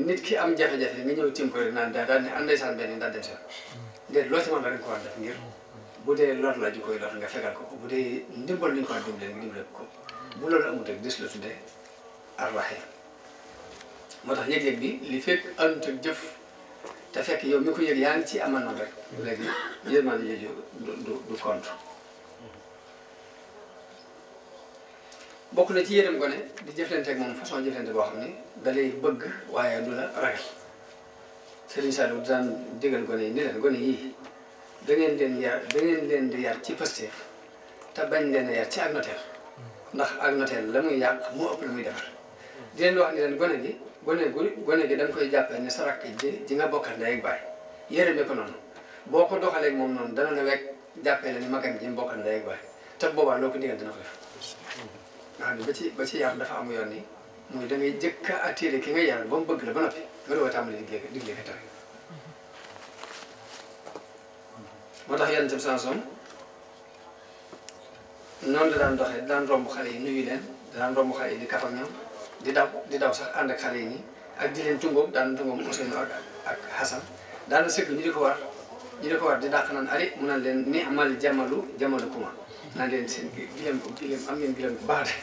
nit ki am jafe-jafe nga ñëw tiim ko rek naan daa daal ne andaysaan benn daa dem seen déet loo ci mën dañ ko war a def ngir bu dee lor la ju koy lor nga fegal ko bu dee ndimbal li ñu ko war a dimbalee nga dimbale ko bu loolu amut rek des la tuddee arwaxe moo tax yëg-yëg bi li fekk ànd ak jëf te fekk yow mi ko yëg yaa ngi ci amal noonu rek léegi yërmande yooyu du du compte bokk na ci yërëm gone di jëflante ak moom façon jëflante boo xam ne dalay bëgg waaye du la ragal Serigne Saliou daan digal gone yi ni leen gone yii da ngeen leen yar da leen di yar ci Pastef te bañ leen a yar ci ndax ak noteel la muy yàq moo ëpp la muy defar leen wax ni leen gone gi gone gu gone gi da nga koy jàppee ne sa rakk ji nga bokkal ndey ak baay yërëme ko noonu boo ko doxalee moom noonu dana la wekk jàppee la ni magam ji bokkal ndey ak baay te boobaa loo ko digal dina ko def nga ba ci ba ci yar dafa am yoon ni mooy da jëkk a attiré ki nga yar ba mu bëgg la ba noppi nga doog a tax yonent bi sansom noonu la daan doxee daan romb xale yi nuyu leen daan romb xale yi di kaf ak di daw di daw sax ànd ak xale yi nii ak di leen tungoom daan tungoom Ousseynou ak ak Hassan daan sëgg ñu di ko war ñu di ko war di dàq naan ari mu naan leen ni amal jamalu jamalu kuma naa leen seen gileem ko gileem am ngeen gileem bu baax de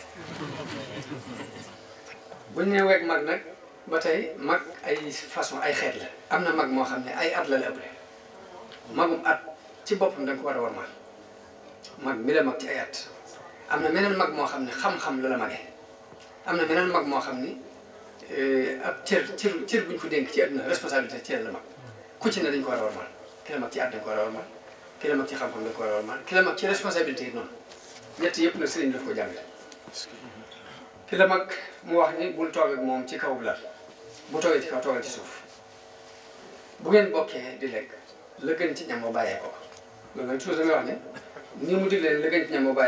buñ ne weeg mag nag ba tey mag ay façon ay xeet la am na mag moo xam ne ay at la la ëppale magum at ci boppam da ko war a war mag mag mi la mag ci ay at am na meneen mag moo xam ne xam-xam la la magee am na meneen mag moo xam ni eh, ab cër cër cër buñ ko dénk ci àdduna responsabilité cër la mag ku ci ne dañ ko war a war mal ki la mag ci at dañ ko war a war mal ki mag ci xam-xam da ko war a war ki la mag ci responsabilité noonu ñett yëpp nag sëriñ daf ko jàngale ki la mag mu wax ni bu toog moom ci kaw lal bu toogee ci kaw toogal ci suuf bu ngeen bokkee di lekk la gën ci ñam ba bàyyee ko loolu nag toujours wax ne ni mu leen la gën ci ñam ko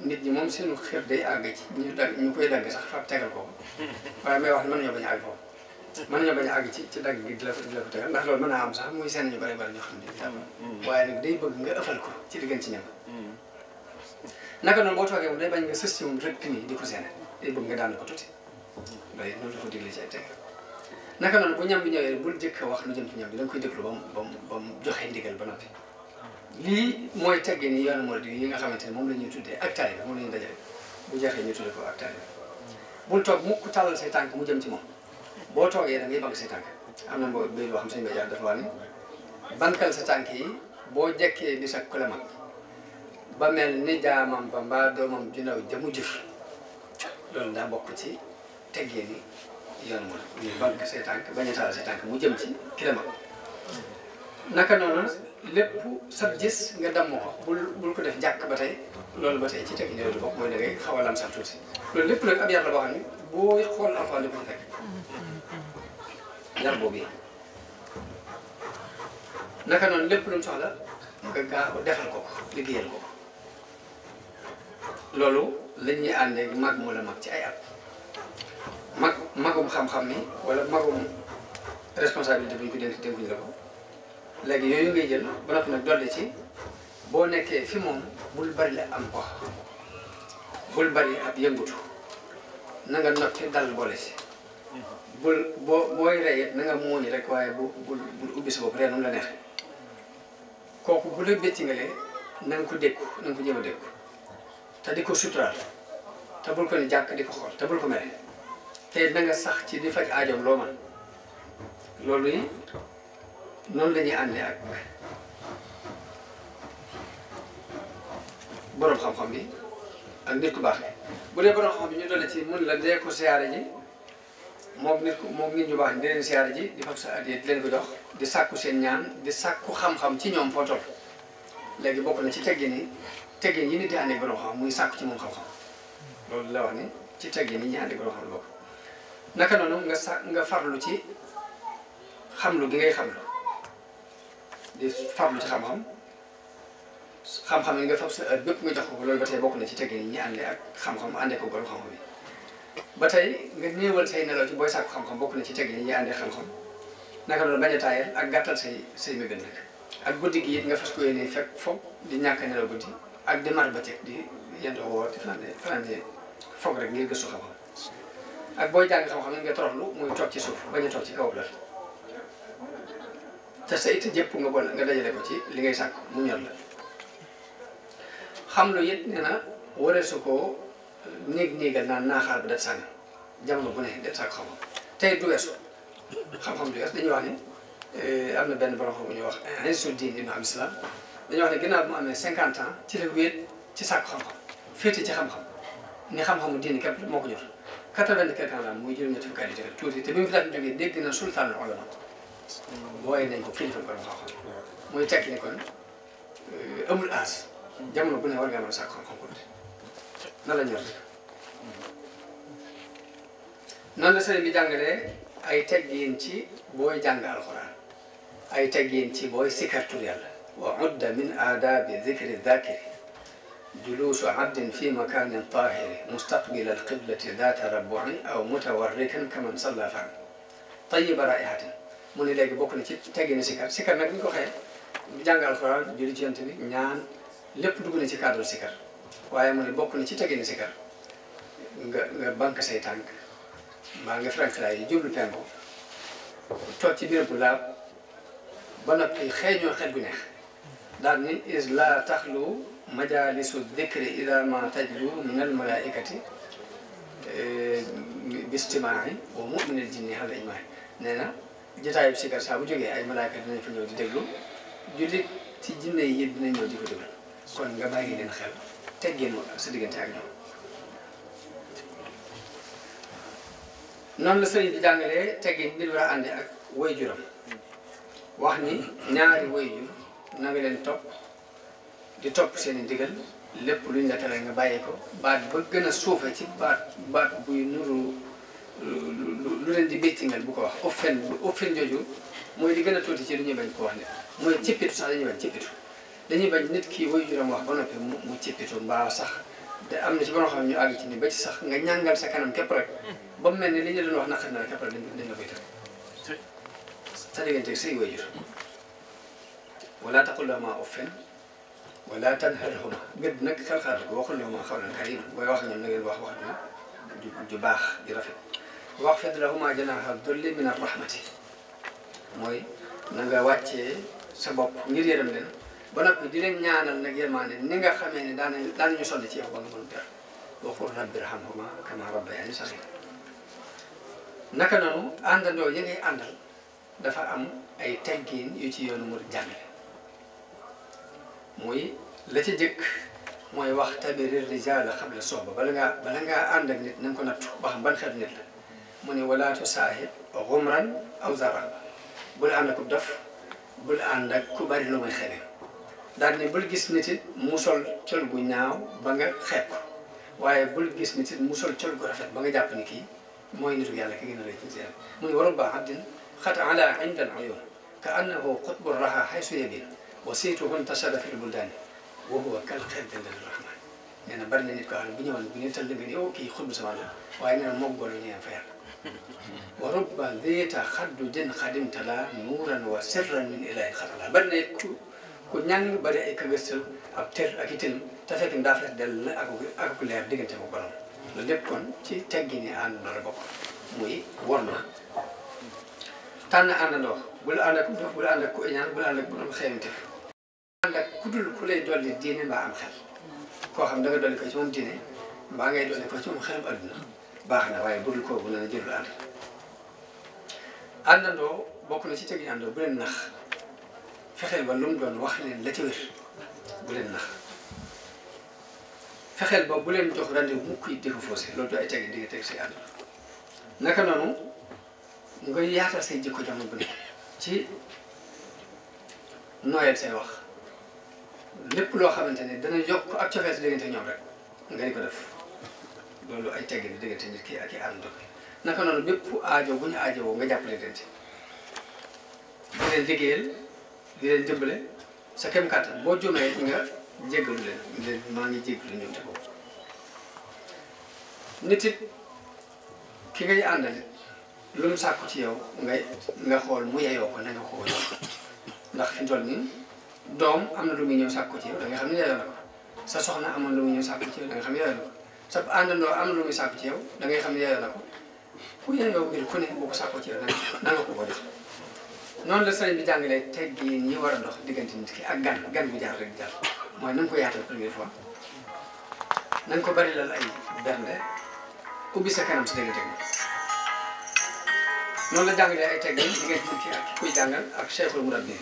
nit ñi moom seenu xër day àgg ci ñu dagg ñu koy dagg sax fa tegal ko waaye may wax ne mën nañoo bañ àgg foofu mën na bañ a àgg ci ci dagg gi di la ko di la ko tegal ndax loolu mën naa am sax muy seen ñu bari bari ñoo xam ne mm-hmm. waaye nag day bëgg nga ëffal ko ci diggante ci ñam mm-hmm. naka noonu boo toogee moom day bañ nga sës ci moom rek nii di ko seen day bëgg nga daan ko tuuti loolu noonu la ko digle ci ay teg naka noonu bu ñam bi ñëwee bul jëkk wax lu jëm ci ñam bi da nga koy déglu ba mu ba mu ba mu joxe ndigal ba noppi lii mooy teggin yi yoonu murid yi nga xamante ne moom la ñuy tuddee ak taalibe moom la ñuy dajale bu jeexee ñu tuddee ko ak taalibe bul toog mukk tàllal say tànk mu jëm ci moom boo toogee da ngay bank say tànk am na mboo bay yoo xam sañ bay jaar dafa tànk yi boo jekkee bi sa ku ba mel ni jaamam ba mbaa doomam ju ndaw jëmu jëf loolu daa bokk ci teggee ni yoon mu ñu bank say tànk ba a taal tànk mu jëm ci ki la mag naka noonu lépp sab gis nga damm ko bul bul ko def jàkk ba tey loolu ba tey ci tekki jooju bokk mooy da ngay xaw a lan sax tuuti loolu lépp nag ab yar la boo xam ne boo xool alxuraan di ko fekk yar lépp lu mu soxla nga gaaw defal ko liggéeyal ko loolu lañuy ñuy àndee mag moo la mag ci ay at mag magum xam-xam ni wala magum responsabilité bu ñu ko dénk dénkuñ la ko léegi yooyu ngay jël ba nag dolli ci. boo nekkee fi moom bul bari la am ko bul bari ab yëngutu na nga notti dal boole si bul boo booy rey na nga muuñi rek waaye bu bul bul ubbi sa bopp reenum la neex kooku bu la bétti nga lee na ko dékku na nga ko jéem a te di ko suturaal te bul ko ne jàkk di ko xool te bul ko mere te na nga sax ci di faj aajoom loo man loolu yi noonu la ñuy àndee ak borom xam-xam bi ak nit ku baax bu dee borom xam-xam bi ñu doole ci mën la dee ko siyaare ji moom nit ku moom nit ñu baax di leen siyaare ji di fab sa addiya di leen di sàkku seen ñaan di sàkku xam ci ñoom foo léegi bokk na ci teggin yi teggin yi nit di ànd ak borom xam muy sàkku ci moom xam-xam loolu la wax ni ci teggin yi ñu ànd ak borom xam bokk naka noonu nga sa nga farlu ci lu gi ngay xam xamlu di farlu ci xam-xam xam-xam yi nga fab sa heure bépp nga jox ko loolu ba tey bokk na ci teggin yi ñu àndee ak xam-xam àndee ko borom xam-xam ba tey nga néewal say nelaw ci booy sàkku xam-xam bokk na ci teggin yi ñu àndee xam-xam naka loolu bañ a ak gàttal say say ak guddi gi it nga fas ko fekk foog di ñàkk nelaw guddi ak di mar di yendoo woor rek ngir gëstu xam-xam ak booy jàng xam-xam yi nga toroxlu muy toog ci suuf bañ a toog ci kaw jëpp nga boole nga dajale ko ci li ngay sàkk mu ñor la xam lu it nee na waree su ko euh, néeg-néegal naan naaxaar bi det sànni jamono bu ne det sànni xam-xam tey du weesu xam-xam du weesu dañuy wax ne euh, am na benn borom xam ñuy wax institut diine ibnu am islam dañuy wax ne mu amee cinquante ans ci la wéet ci sàkku xam-xam ci xam-xam ni xam-xamu diine képp moo ko ñor quatre-vingt quelque ans la muy juróom-ñetti fukki yi te bi mu fi daan jógee dégg na sultaanul ulama booy nañ ko kilifa borom xam-xam kon euh, amul âge jamono bu ne war nga mën a sàkk la ñor nan la sëriñ bi jàngalee ay teggin ci booy jàng alxuraan ay teggin ci booy sikartul yàlla wa udda min aadabi dikri dakiri juluusu abdin fi makanin tahiri mustaqbila alqiblati data rabbuin aw mutawarrikan ci teggin sikar sikar nag alxuraan julli ci yonent bi ñaan lépp dugg na ci cadre sikar waaye mu ne bokk na ci tegin sikar nga nga banque say tànk mbaa nga frankla yi jublu penku toog ci biir bu laab ba noppi xeeñoo xet gu neex daal ni is la taxlu majalisu dikri ila ma tajlu min al malaikati eh, bistimaai wa muminal jinni xala ijmaai nee na jotaayu sikar saa bu jógee ay malaaka dinañ fa ñëw di déglu jullit ci jinne yi it dinañ ñëw di déglu kon nga bàyyi leen xel teggin mu sa diggante ak noonu la sëriñ bi jàngalee teggin nit war a ànde ak way juram wax ni ñaari way jur na nga leen topp di topp seen i lépp luñ la tere nga bàyyi ko baat ba gën a suufe ci baat baat buy nuru lu leen di béccingal bu ko wax offense offense jooju mooy li gën a tooti ci lu ñuy bañ ko wax ne mooy cippitu sax dañuy bañ cippitu dañuy bañ nit kii woy juróom wax ba noppi mu mu mbaa sax te am na si ci borom xam ñu àgg ci ni ba ci sax nga ñàngal sa kanam képp rek hmm. ba mu mel ne li ñu doon wax naqari na la képp rek dañ la koy tënk sa diggante say woy jur wala taqul lahumaa uffin wala tanharhumaa gëdd wax ñoom na ngeen wax wax ju ju baax ju rafet waxfid lahumaa janaaha dulli min ar-rahmati mooy na nga wàccee sa bopp ngir yërëm leen ba noppi di leen ñaanal nag yërmaande ni nga xamee ne daan nañu daan nañu ko ci yow ba nga mën per waxul rabbi rahamhuma kama rabbayani saxiira naka noonu àndandoo yi àndal dafa am ay teggiin yu ci yoonu mur jàngale muy la ci jëkk mooy wax tabiri rijaala xabla sooba bala ngaa bala ngaa ànd ak nit na ko nattu ba xam ban xeet nit la mu ne wala tusaahib xumran aw zaran bul ànd ak dof bul ànd ak ku bari lu muy xewee daal ne bul gis nit it mu sol col gu ñaaw ba nga xeeb ko waaye bul gis nit it mu sol col gu ba nga jàpp ni kii mooy nitu yàlla ki gën a rëy ci yàlla mu ne wa rubba abdin xat ala inda al wa saytuhu intashara fi l buldani wa huwa kal na bari na nit ko yow oh, kii xutbu sama waaye wa rubba ku ñàng bari ay këgëstal ab ter ak i tënam te fekk daa fees dell la ak ak leer diggante bu borom la lépp ci teggini àndandoo la bokk muy wor na tànn àndandoo bu la ànd ak la ànd ak ku iñaan bu xam da nga dolli ko ci moom diine mbaa ngay baax na waaye budul kooku na na ànd na ci teggini àndandoo bu leen nax fexeel ba lu mu doon wax leen la ci wér bu leen nax fexeel ba bu leen jox rendez-vous mu koy di ko faussé loolu doo nga teg say ànd naka noonu nga ci nooyal say wax lépp loo xamante ne dana yokk ak cofeel si diggante ñoom rek nga di ko def loolu ay teggin di diggante nit kii ak i ànd naka noonu bépp aajo bu ñu aajowoo nga jàppale leen ci di leen liggéeyal di leen jëmbale sa kem kàttan boo jumee nga jéggalu leen leen maa ngi jéggalu ñoom te ko nit it ki ngay àndal lu mu sàkku ci yow ngay nga xool mu yeyoo ko na nga ko wóor am na lu muy ñëw sàkku ci yow nga xam ne na sa soxna amoon lu muy ñëw sàkku ci yow da nga xam ne na ko sa àndandoo am na lu muy sàkku ci yow da ngay xam ne yeyoo na ko ku yeyoo ku ne boo ko sàkku ci yow na nga noonu la sëriñ bi jàngalee teggin yi war a dox diggante nit ki ak gan gan bu jaar rek jaar mooy nañ ko yaatal première fois nañ ko bari lal ay bernde ubbi sa kanam si diggante bi noonu la jàngalee ay teggin diggante nit ki ak kuy jàngal ak cheikhul murabbi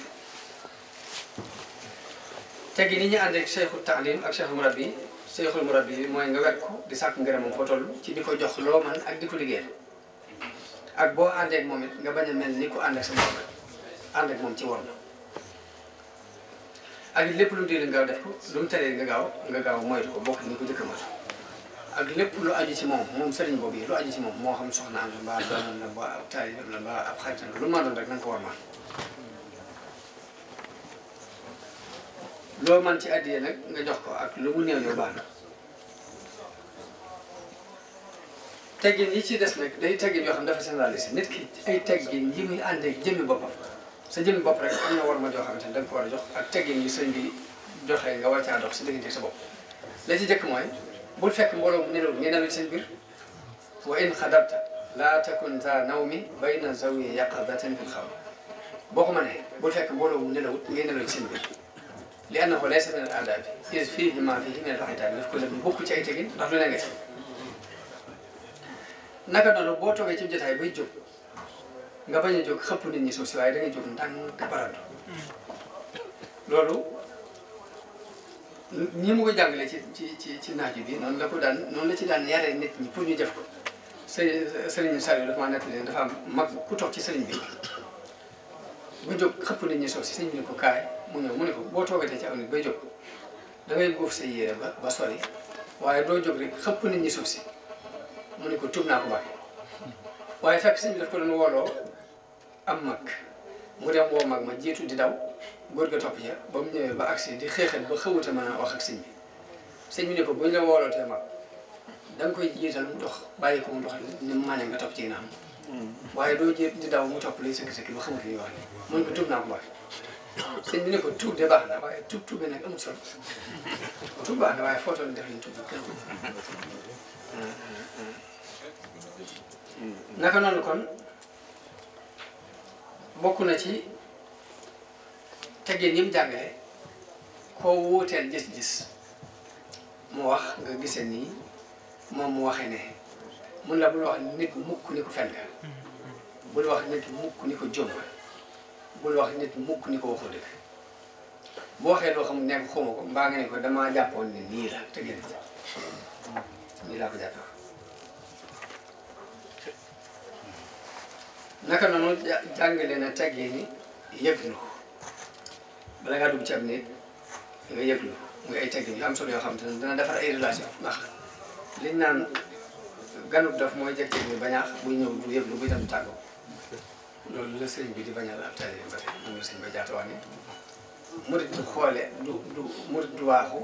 yi ñu ànd ak cheikhul taalim ak cheikhul murabbi bi mooy nga wet ko di sàkk ngërëmam foo toll ci di ko jox loo man ak di ko liggéeyal ak boo àndee ak moom it nga bañ a mel ni ku ànd ak sa moom ànd ak moom ci war na ak lépp lu mu digle nga def ko lu mu teree nga gaaw nga gaaw moytu ko bokk ni ko njëkk a ak lépp lu aju ci moom moom sëriñ yi lu aju ci moo xam soxna am la mbaa doomam la mbaa ab mbaa ab xaritam la ko war loo man ci addiyee nag nga jox ko ak lu mu néew yow baax na teggin yi ci des nag day teggin yoo xam dafa généralisé nit ki ay teggin yi muy ànd ak jëmmi boppam sa jëm bopp rek am na war ma joo xamante ni da nga ko war a jox ak teggin yi sëñ bi joxe nga war caa dox si sa bopp la ci njëkk mooy bul fekk mbooloo mu nelaw ñu nelaw seen biir wa in xadabta laa takun za nawmi bayna zawi yaqadatin fil xaw boo ko mënee bul fekk mbooloo mu nelawut ngay nelaw seen biir li annahu laysa min al aadab is fiihi maa fiihi min al xitaab daf ko lëb ñu bokk ci ay teggin ndax lu ne nga ci naka noonu boo toogee ci jotaay bay jóg nga bañ a jóg xëpp nit ñi suuf si waaye da ngay jóg ndànk barandu loolu ñi mu ko jàngale ci ci ci ci naaju bi noonu la ko daan noonu la ci daan yaree nit ñi pour ñu jëf ko sëriñ sëriñ Saliou dafa maa nettali dafa am mag ku toog ci sëriñ bi bu jóg xëpp nit ñi suuf si sëriñ bi ne ko kaay mu ñëw mu ne ko boo toogatee ci aw nit bay jóg da ngay góof sa yére ba ba sori waaye doo jóg rek xëpp nit ñi suuf si mu ne ko tub naa ko baax waaye fekk sëriñ bi daf ko doon wooloo am mag mu dem woo mag ma jiitu di daw góor ga topp ja ba mu ñëwee ba agsi di xeexee ba xawute mën a wax ak sëñ bi sëñ bi ne ko bu ñu la woolootee mag da nga koy jiital mu dox bàyyi ko mu dox ni mu mane nga topp ci naam hmm. waaye doo jiit di daw mu topp lay sëkk-sëkk ba xamut li ñuy wax mun ko tuub naa ko baax sëñ bi ne ko tuub na waaye tuub tuubee nag amul solo tuub baax na waaye foo toll def hmm. noonu kon bokk na ci teggin yi mu jàngale koo wóoteel gis-gis mu wax nga gise nii moom mu waxee ne mun la bul wax nit mukk ni ko fen bul wax nit mukk ni ko jóg bul wax nit mukk ni ko waxu dëgg boo waxee loo xam nekk xuma ko mbaa nga ne ko damaa jàppoon ne nii la teggin nii laa ko jàppoon naka noonu jàngale na teggee ni yëglu bala ngaa dugg ci nit nga yëglu muy ay teggin yu am solo yoo xam te ne dana defar ay relation ndax liñ naan ganub daf mooy jëkk ni bañaax buy ñëw yëglu buy dem tàggu loolu la sëriñ bi di bañal ab tali ba tey moom la sëriñ ba jaata wax ni du xoole du du murit du waaxu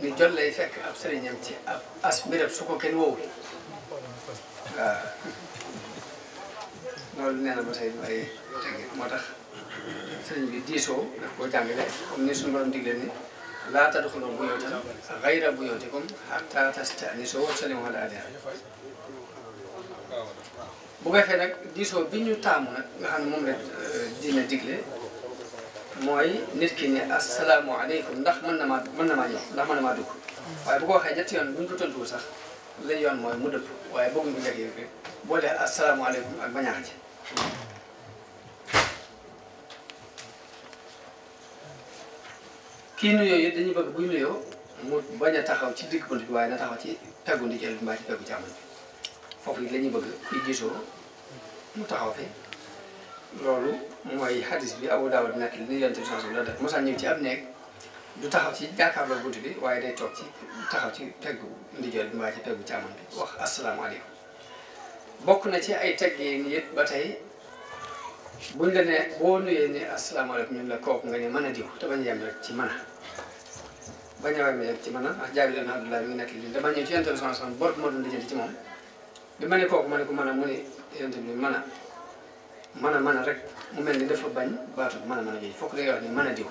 ni jot lay fekk ab sëriñam ci ab as su ko kenn woowu waaw loolu nee na ba tey ay teggin moo tax sëriñ bi diisoo daf koo jàngale comme ni suñu doon digle ni laa tadxuluu buyuutan gayra buyuutikum bu ko defee nag diisoo bi ñu taamu nag nga xam ne moom la euh, dina digle mooy nit ki ne asalaamaaleykum ndax na na maa ñëw ndax mën na maa dugg waaye bu ko waxee ñetti ko tontuwul sax. li yoon mooy mu dëpp waaye bëgguñu ko jagee rek boo dee asalaamaaleykum ak bañaax ci kii nuyoo yi dañuy bëgg buy nuyoo mu bañ a taxaw ci digg bunt bi waaye na ma ci peggu ndigal bi foofu it bëgg kuy gisoo mu taxaw fi loolu mooy hadis bi Abu Daawud nekk li ñu yonent bi sallallahu alayhi wa sallam def ñëw ci ab néeg du taxaw ci jàkkaarloo buntu bi waaye day toog ci taxaw ci peggu ndigal bi mbaa ci bi wax asalaamaaleykum bokk na ci ay teggin yëpp ba tey buñ la ne boo nuyee ne asalaamaaleykum la mën a diw a rek ci mën a ci mën a ndax jaabi leen Abdoulaye mi ngi nekk li dama ñëw ci yenn télévision bor moo doon lijjanti ma ne kooku ma ne ko mën a mu ne yenn bi mën a mën a mën a rek mu mel ni dafa bañ baatu mën a mën a jooju fokk day wax ni man a diw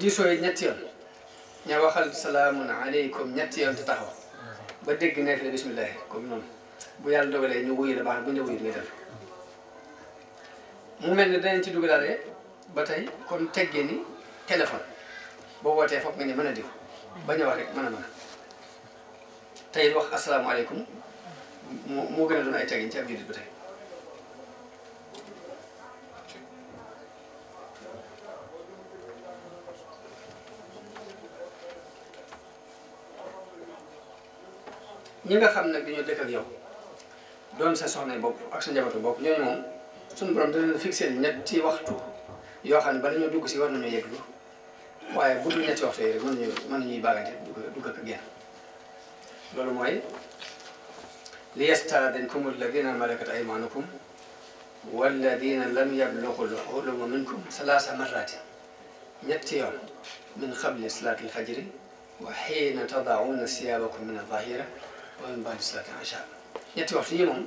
diisoo yi ñetti yoon ña waxal salaamun aleykum ñetti yoon te taxaw ba dégg nekk la bismillah comme noonu bu yàlla dogalee ñu wuyu la baax bu ñu la wuyu nga mu mel ni danañ ci dugalaale ba tey kon teggee ni téléphone boo wootee foofu nga ne mën a diw bañ a wax rek mën a mën a tey wax asalaamaaleykum moo moo gën a doon ay teggin ci ab jullit ba tey ñi nga xam nag dañoo dëkk ak yow doon sa sonne bopp ak sa njabootu bopp ñooñu moom suñu borom danañ fixé ñetti waxtu yoo xam ne bala ñoo dugg si war nañoo yëglu waaye bu dul ñetti waxtu yi rek mën nañu mën nañuy bagante dugg ak génn loolu mooy li yastaadankum alladina malakat aymanukum walladina lam yabluxul xuluma minkum salaasa marratin ñetti yoon min qabli salaatil fajri wa xiina tadaawuna siyaabakum min aldahira wala mbaa di salaat incha yi moom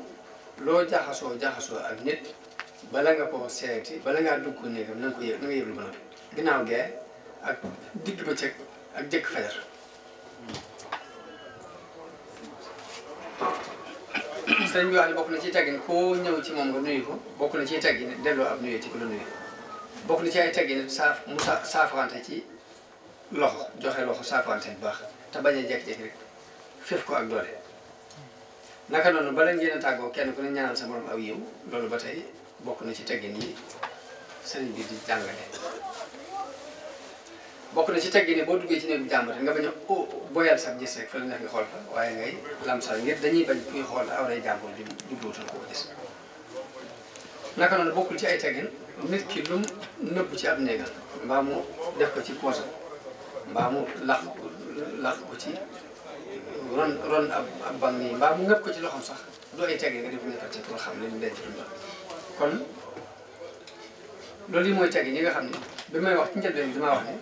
loo jaxasoo jaxasoo ak nit bala nga koo seeti bala ngaa dugg néegam na nga ko yë na nga yëglu ba noppi ginnaaw gee ak digg bëccëg ak jëkk wax ne bokk na ci teggin koo ñëw ci moom nga nuyu ko bokk na ci teggin delloo ab nuyu ci ku la nuyu bokk na ci ay teggin saaf mu saafante ci loxo joxe loxo saafante bu baax te bañ a jékki-jékki rek fif ko ak doole naka noonu bala ngeen tàggoo kenn ku ne ñaanal sa morom aw yiw loolu ba tey bokk na ci teggin yi sëriñ bi di jàngale bokk na ci teggin boo duggee ci néegu jàmbate nga bañ a boyal sax gis rek fa la neex nga xool fa waaye ngay lamsal ngir dañuy bañ kuy xool awray jàmbur di jubluutal koo gis naka noonu bokkul ci ay teggin nit ki lum nëbb ci am néegal mbaa mu def ko ci poosam mbaa mu laq ko ci ron ron ab ab ban nii mbaa mu ngëpp ko ci loxoom sax doo yi tegee nga def nekkal ci pour xam ñu denc dund kon yi nga xam ne bi may wax ci njëlbeen bi damaa wax ne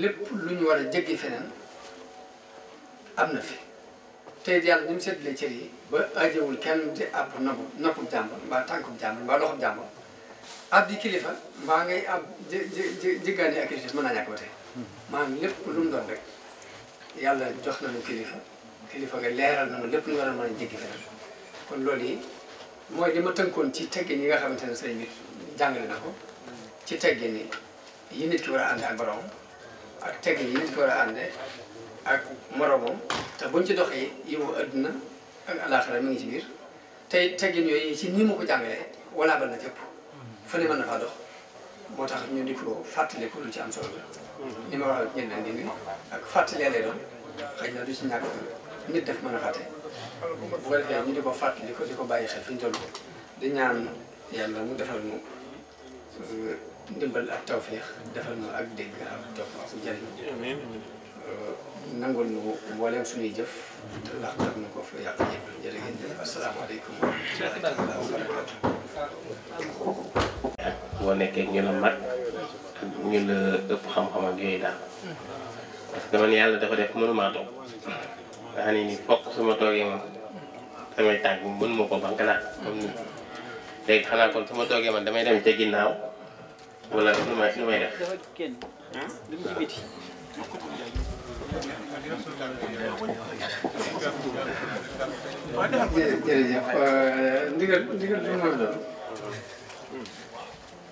lépp lu ñu war a jéggi feneen am na fi tey yàlla ni mu seetlee cër yi ba ajewul kenn di ab noppu noppub jàmbur mbaa tànkub jàmbur mbaa loxob jàmbur ab di kilifa mbaa ngay ab jé jé jéggaani ak kilifa mën naa ñàkk ba tey hmm. maanaam lépp lu mu doon rek. yàlla jox nañu kilifa kilifa nga leeral na ma lépp lu war a mën a jéggi feneen kon loolu yi mooy li ma tënkoon ci teggin yi nga xamante ne sëñ bi jàngale na ko ci teggin yi yi war a ànd ak borom yi nit war a ànde ak te buñ ci doxee yiwu adduna ak alaxira mi ngi ci biir tey teggin yooyu ci nii ma ko jàngalee walaabal na fépp fu ne mën na faa dox moo tax ñu di ko lu ci am solo li ma waxoon jënd naa ak fàttalee lay doon xëy na du si ñàkk nit def mën a fàtte bu ko defee ñu di ko fàttali ko di ko bàyyi xel fi ñu toll di ñaan yàlla mu defal mu euh, ndimbal ak tawféex defal mu ak dégg ak topp ak jëriñ euh, nangul suñuy jëf te ko fa yàq yëpp jërë ngeen jëf asalaamaaleykum wa nekkee ñu mag ñu la ëpp xam-xam ak yooyu daal parce que yàlla dafa def mënumaa toog nga fokk suma toogee man samay tànk mënu ma ko bank naa xanaa kon su ma toogee man damay dem ca ginnaaw wala lu may lu may euh,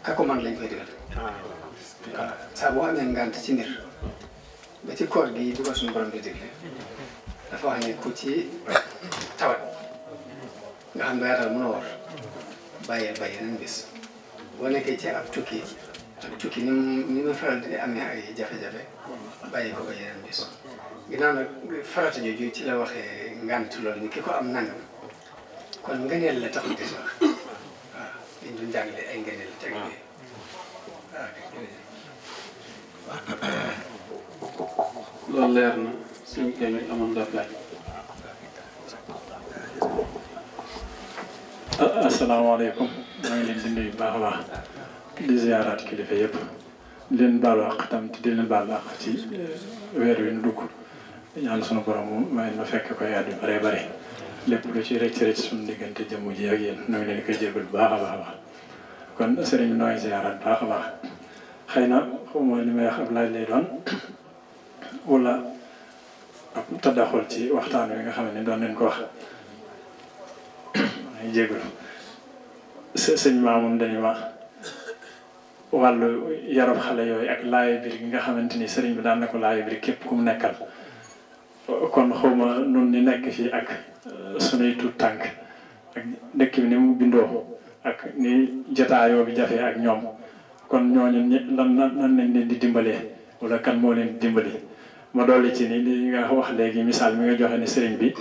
ak man lañ koy digal waaw saa boo amee ngànt ci mbir ba ci koor gi di ko suñu borom di dafa wax ne ku ci tawat nga xam ne yaatal mën a war bàyyee bàyyee nañ bis boo nekkee ci ab tukki ak tukki ni mu ni mu faral di amee ay jafe-jafe bàyyi ko ba yeneen bis ginnaaw nag farata jooju ci la ni ki ko am nangam kon ngëneel la di ay loolu leer na suñ koy amoon ah, maa ngi leen di nuyu baax a kilifa yëpp leen baal wax tam di leen baal ci weer wi nu dugg ñaan sunu borom may na fekk ko yaat yu bare bare lépp lu ci rëcc rëcc suñu diggante jëmm ji ak yéen ñoo ngi di koy jégal bu baax a baax a baax kon sëriñ bi noo ngi baax a baax xëy na xawma li xam wax ab laaj lay doon wala ab taddaxul ci waxtaan wi nga xam ne doon nañ ko wax may jégalu sëñ Mamoun dañu ma xale yooyu ak laaye gi nga xamante ni sëriñ bi daan na ko laaye biir képp ku mu nekkal kon xawma nun ni nekk fii ak uh, sunuy tuut tànk ak dëkk bi ni mu bi jafee ak ñoom kon ñooñu lan nan nañ leen di dimbalee wala kan moo leen di dimbali ma dolli ci ni li nga wax léegi misaal mi nga joxe ne sëriñ bi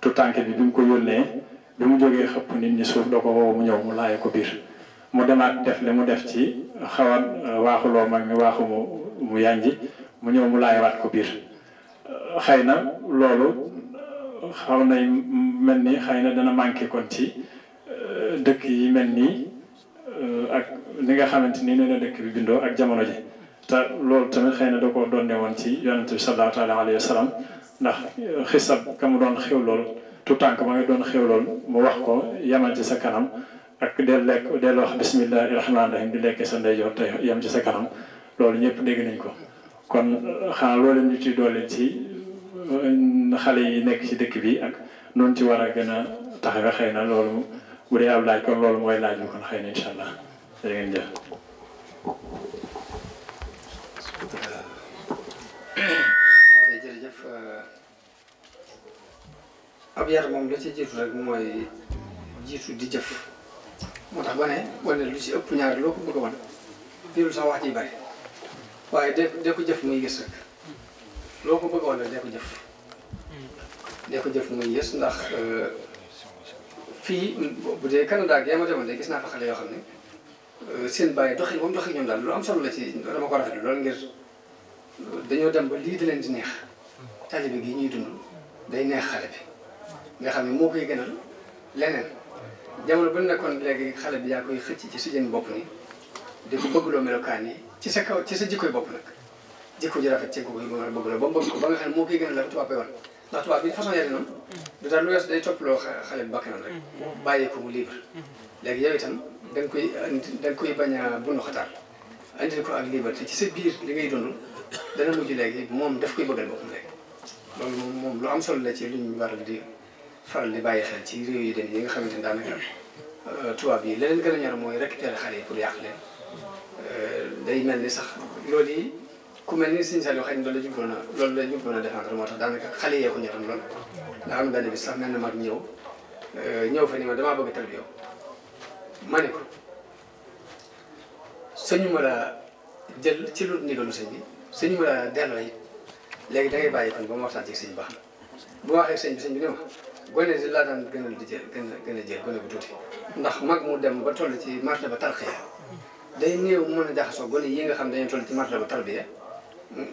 tutànk bi bi mu ko yónnee bi mu jógee xëpp nit ñi suuf da ko woo mu ñëw mu laaye ko biir mu demaat def li mu def ci xawaat waaxuloo mag mi waaxu mu mu mu ñëw mu laayewaat ko biir xëy na loolu xaw nay mel ni xëy na dana manqué kon ci dëkk yi mel nii li nga xamante ni nee na dëkk bi bindoo ak jamono ji ta loolu tamit xëy na da doon doonne woon ci yonente bi sallallahu taala alayhi wa sallam ndax xisab mu doon xew lool tànk ma ngi doon xew lool mu wax ko yemal ci sa kanam ak del lekk del wax bismillahi rahmaani rahim di lekkee sa ndeyjoor te yem ci sa kanam loolu ñëpp dégg nañ ko kon xanaa loolu ñu ci doole ci euh, xale yi nekk ci dëkk bi ak noonu ci war a gën a taxawe xëy na loolu bu dee ab laaj kon loolu mooy laaj bi kon xëy na incha allah jërë ngeen jëf. ab yar moom la ci jiitu rek mooy jiitu di jëf moo tax ba ne wala lu ci ëpp ñaar loo ko bëgg a wan biirul sax wax ji bari waaye de de ko jëf muy gis rek loo ko bëgg a wan de ko jëf. de ko jëf muy gis ndax euh, fii bu dee Canada ak yaa ma demoon de gis naa fa xale yoo xam ne. Euh, seen bàyyi doxil moom doxil ñoom daal lu am solo la ci dama ko rafetlu loolu ngir dañoo dem ba lii da leen di neex taalibe gi ñuy dund day neex xale bi nga xam ne moo koy gënal leneen jamono bu nekkoon léegi xale bi yaa koy xëcc ci su jën bopp ni di ko bëggloo melokaan yi ci sa kaw ci sa jikkoy bopp nag jikko ji rafet ci ko koy mën a bëggloo ba mu bëgg ko ba nga xam ne moo koy gënal la ko tubaab woon ndax tubaab bi façon yari noonu du daal lu wees day toppaloo xale bi dañ koy andi dañ koy bañ a bunu xataar andil ko ak liberté ci sa biir li ngay dund dana mujj léegi moom daf koy bëggal boppam léegi loolu moom lu am solo la ci lu luñ war di faral di bàyyi xel ci réew yi dem yi nga xamante ne daanaka euh, tubaab yi leneen gën a ñor mooy récupérer xale yi pour yàq leen euh, day mel ni sax loolu yi ku mel ni Sëñ Saliou loolu la jubluwoon a loolu la jubluwoon a défendre moo xale yee ko ñoroon am na benn bis sax mel na mag ñëw euh, ñëw fa ni ma damaa bëgg a ma ne ko sëñu ma jël ci lu ndigalu sëñ bi sëñu ma laa delloo léegi da ngay bàyyi kon ba ma waxtaan ci sëñ baax na waxee sëñ bi sëñ ma gone di laa daan gën di jël gën gën a jël gone bu tuuti ndax mag mu dem ba toll ci marché ba tarxiya day néew mun a jaxasoo gone yi nga xam dañuy toll ci marché ba tarbiya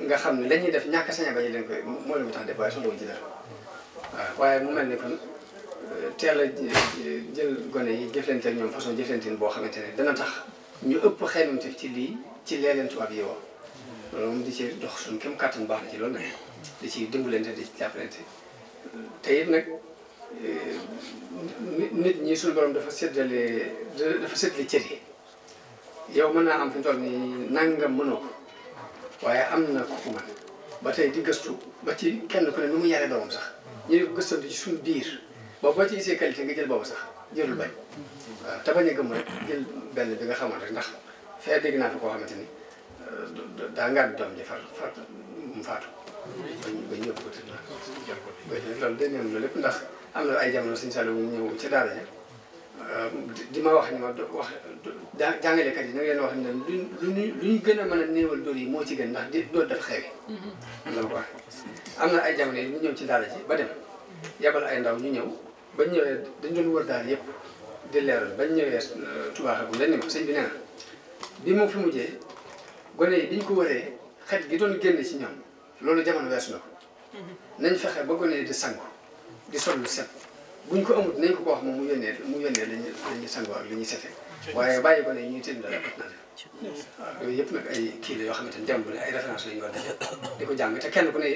nga xam ne la def ñàkk saña bañu leen koy moo leen tax def waaye soxlawuñ ci dara waaye mu mel ne kon teel a jël gone yi jëflante ak ñoom façon jëflanteen boo xamante ne dana tax ñu ëpp xeymante ci lii ci leeleen tubaab yi woo loolu moom di ci dox suñu kéem kàttan baax na ci loolu nag di ci dimbalante di ci jàppalante te it nag eh, nit ñi suñu borom dafa séddale dafa séddale cër yi yow mën naa am fi mu toll nii nangam mënoo ko waaye am na ku man ba tey di gëstu ba ci kenn ku ne nu mu yare doomam sax ñu ne ko gëstante ci suñu biir boobu boo ci gisee te nga jël boobu sax jëlul bañ waaw te bañ a gëm rek jël benn bi nga xamoon rek ndax fee dégg naa fi koo xamante ni euh, daa ngaan doom ji far far mu faatu bañ bañ yóbbu ko tëdd na lépp ndax am na ay jamono suñu sàll bu ñëw ci daara ja euh, di ma wax ni ma wax jàngalekat yi na leen wax ne lu ñu lu ñu gën a mën a néewal dool yi moo ci gën ndax di dóor dafa xewi mm-hmm. am na ay jamono yi ñu ñëw ci daara ji ba dem yabal ay ndaw ñu ñëw bañ ñëwee dañ doon wër daal yëpp di leer bañ ñëwee euh, tubaax bu leen ni ma sëñ bi nee na bi moom fi mujjee gone yi biñ ko waree xet gi doon génn ci ñoom loolu jamono weesu na ko mm-hmm. nañ fexe ba gone yi di sangu di sol lu set buñ ko amut nañ ko ko wax moom mu yónnee mu yónnee lañu la ñuy sangoo ak li ñuy setee waaye bàyyi gone yi ñuy tëdd dara bat na de yooyu yëpp nag ay kii la yoo xamante ne jamono ay référence la ñu war di ko jàng te kenn ku ne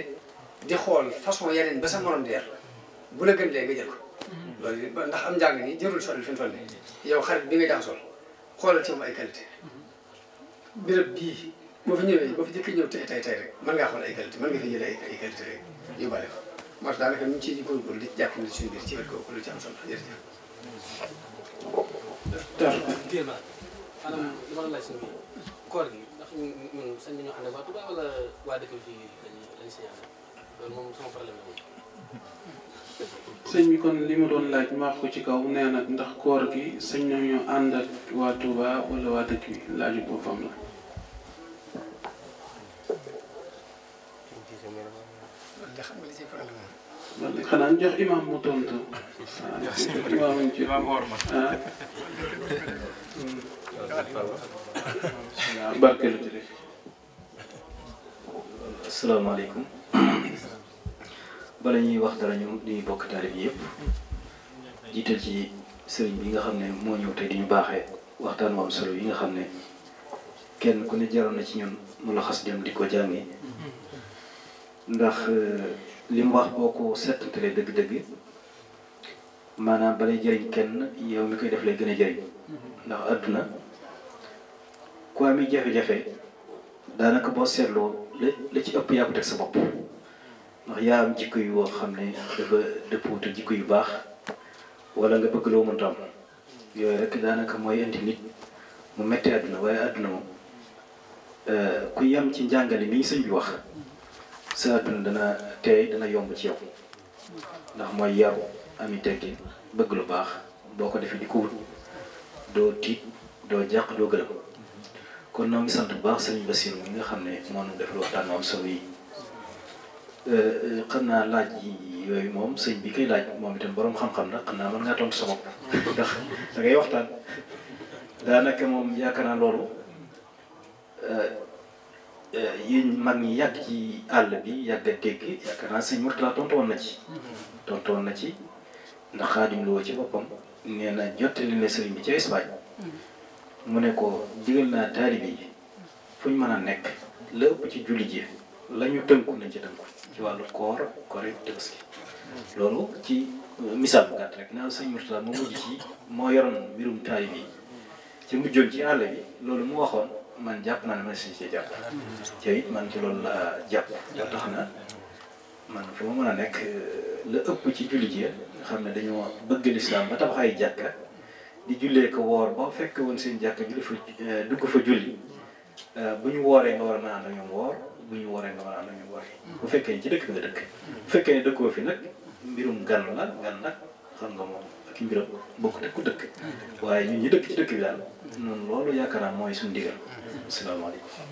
di xool façon yeneen ba sa morom bu la gën lee nga ko loolu ndax am njàng nii jërul sori fi mu toll nii yow xarit bi nga jaxasoo xoolal ci moom ay qualité béréb bii boo fi ñëwee boo fi jëkk ñëw tey tey tey rek mën ngaa xool ay qualité mën nga fi jëlee ay qualité rek yóbbaale ko moo tax daanaka ñu ngi ciy góorgóorlu di jàpp ne suñu biir ci wet kooku lu ci am solo jërëjëf. koor gi ndax ñun sañ nañoo ànd ak waa Touba wala waa dëkk bi fii lañuy lañuy signalé moom sama problème la moom. sëñ bi kon li ma doon laaj ma wax ko ci kaw nee na ndax koor gi sëñ nañu ànd ak waa Touba wala waa dëkk bi laaju boppam la. wala xanaa jox imaam mu tontu. jox sëñ bi imaam ci imaam woor ma. barkeel jërëjëf. asalaamaaleykum. bala ñuy wax dara ñu di bokk taalib yi yëpp jiital ci sëriñ bi nga xam ne moo ñëw tey di ñu baaxee waxtaan wu am solo yi nga xam ne kenn ku ne jaroon na ci ñun mu la xas dem di ko jàngi ndax euh, li wax boo ko seetantalee dëgg-dëgg maanaam balay jëriñ kenn yow mi koy def lay gën a jëriñ ndax àdduna ku ami jafe-jafe daanaka boo seetloo la la ci ëpp yaa ko teg sa bopp ndax yaa am jikko yu woo xam ne dafa wut te jikko yu baax wala nga bëgg loo mënta am yooyu rek daanaka mooy indi nit mu metti àdduna waaye àdduna moom euh, ku yam ci njàngale mi sëñ bi wax sa àdduna dana teey dana yomb ci yow ndax mooy yaru ami teggin bëgg lu baax boo ko defee di ko wut doo tiit doo jàq doo gërëm kon noo sant bu baax sëñ Bassirou mi nga xam ne moo nu def lu waxtaan am solo yi Euh, euh, xam naa laaj yi yooyu moom sëñ bi koy laaj moom itam borom xam-xam la xam naa mën ngaa tontu sa bopp ndax da waxtaan daanaka moom yaakaar naa loolu euh, yéen mag ñi yàgg ci àll bi yàgg tegg dégg yaakaar naa sëñ Mourtala tontu woon na ci. tontu woon na ci ndax Xaadim Lo ci boppam nee na jottali na sëriñ bi ca Espagne mu ne ko digal naa taalibe yi fu ñu mën a nekk la ëpp ci julli ji lañu ñu tënku nañ ci tënku. ci wàllu koor kori tabaski loolu ci euh, misaal bu gàtt rek naan sëñ Murtada mu mujj ci moo yoroon mbirum taay bi ci mujjoon ci àll bi loolu mu waxoon man jàpp naa ne man si ci jàpp te it man ci loolu laa jàpp ba tax na man fu ma mën a nekk euh, la ëpp ci jullit yi nga xam ne dañoo bëgg lislaam ba tabax ay jàkka di jullee ko woor ba fekk woon seen jàkka julli fa euh, dugg fa julli bu ñu wooree nga war a mën a woor bu ñu wooree nga mën a lu ñu woori bu fekkee ni ci dëkk nga dëkk bu fekkee ne dëkkoo fi nag mbirum gan la gan nag xam nga moom ak mbiram bokk te ku dëkk waaye ñun ñi dëkk ci dëkk bi daal noonu loolu yaakaar naa mooy suñu ndigal asalaamaaleykum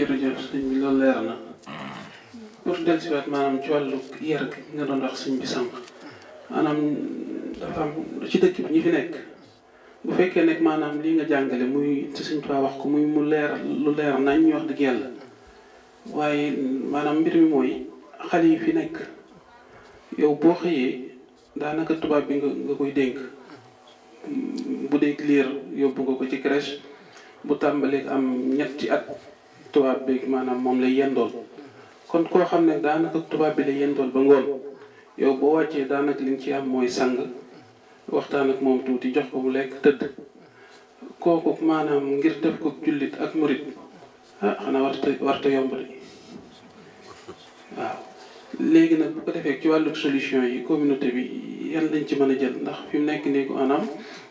jërëjëf sëñ bi loolu leer na pour dellusiwaat maanaam ci wàllu yar gi nga doon wax suñ bi sànq maanaam dafa am ci dëkk bi ñi fi nekk bu fekkee nag maanaam lii nga jàngale muy ci suñ wax ko muy mu leer lu leer nañ ñu wax dëgg yàlla waaye maanaam mbir mi mooy xale yi fi nekk yow boo xëyee daanaka tubaab bi nga nga koy dénk bu dee liir yóbbu nga ko ci crèche bu tàmbalee am ñetti at tubaab bi maanaam moom lay yendool kon koo xam ne daanaka tubaab bi lay yendool ba ngoon yow boo wàccee daanaka li nga ci am mooy sang waxtaan ak moom tuuti jox ko mu lekk tëdd kooku maanaam ngir def ko jullit ak murit ah xanaa warta warta yomb de waaw léegi nag bu ko defee ci wàllu solution yi communauté bi yan lañ ci mën a jël ndax fi mu nekk nii ko anam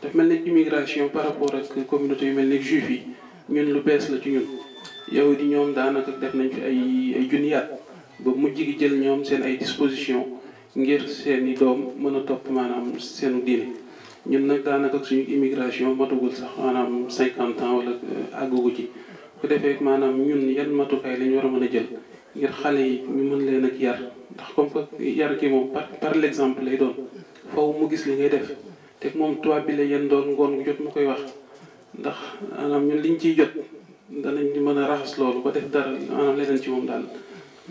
daf mel ni immigration par rapport ak communauté yu mel nekk juif yi ñun lu bees la ci ñun yow di ñoom daanaka def nañ fi ay ay junniyaat ba mujj gi jël ñoom seen ay disposition ngir seeni doom mën a topp maanaam seenu diine ñun nag daanaka suñu immigration matugul sax maanaam cinquante ans wala euh, àggugu ci ku defee maanaam ñun yan matukaay la war a mën a jël ngir xale yi ñu mën leen ak ndax comme que yar ki moom par par l'exemple lay doon faw mu gis li ngay def te moom tubaab bi la yen doon ngoon gu koy wax ndax maanaam ñun liñ ciy jot danañ mën a raxas loolu ba def dara maanaam leneen ci moom daal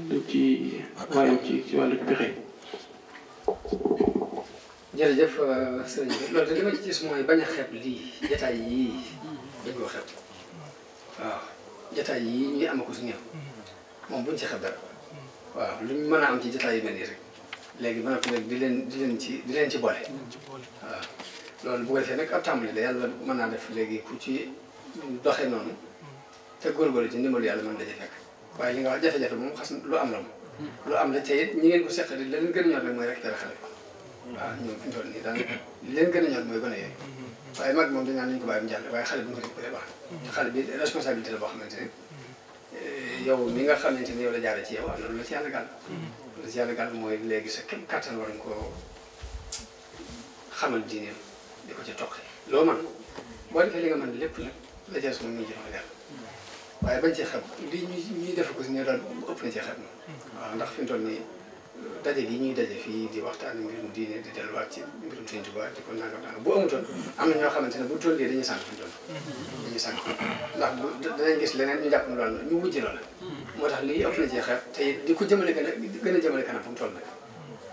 duñ ci waayam ci ci wàllu pexe jërëjëf euh, sëriñ bi loolu de li ma ci gis mooy bañ a xeeb lii jataay yii dañ koo xeeb waaw jataay yii am ko si ñëw moom buñ ci xeeb dara waaw luñ mën a am ci jataay yu mel nii rek léegi mën a ko di leen di leen ci di leen ci boole waaw loolu bu ko defee nag ab tàmbali la yàlla mën naa def léegi ku ci doxee noonu te góorgóorlu ci ndimbalu yàlla mën daje fekk waaye li nga jafe-jafe moom xas lu am la moom lu am la te it ñi ngeen ko seqal li leen gën a ñor nag mooy rek dara xale waaw ñoom fi mu toll nii daanaka li leen gën a ñor mooy gone yooyu waaye mag moom dañ naan nañu ko bàyyi mu jàll waaye xale bu ñu ko def ko dee baax xale bi responsabilité la boo xamante eh, yow mi nga xamante ne yow la jaare ci yow am na lu la ci yàlla léegi sa képp kattan war nga ko xamal diineem di ko ci toqi loo man boo defee li nga mën lépp nag la jeex moom ñu jox la waaye bañ ci xam lii ñuy ñuy defe ko si ne daal ëpp na ci xam waaw ndax fi mu toll nii daje gi ñuy daje fii di waxtaan mbirum diine di delluwaat ci mbirum Sëñ Tuubaa di ko nangam nangam bu amutoon am na ñoo xamante ne bu toll dañuy sànq fi mu toll dañuy sànq ndax bu danañ gis leneen ñu jàpp loolu ñu wujj loolu moo tax lii ëpp na ci xeet te di ko jëmale gën a gën a jëmale kanam fu mu toll nag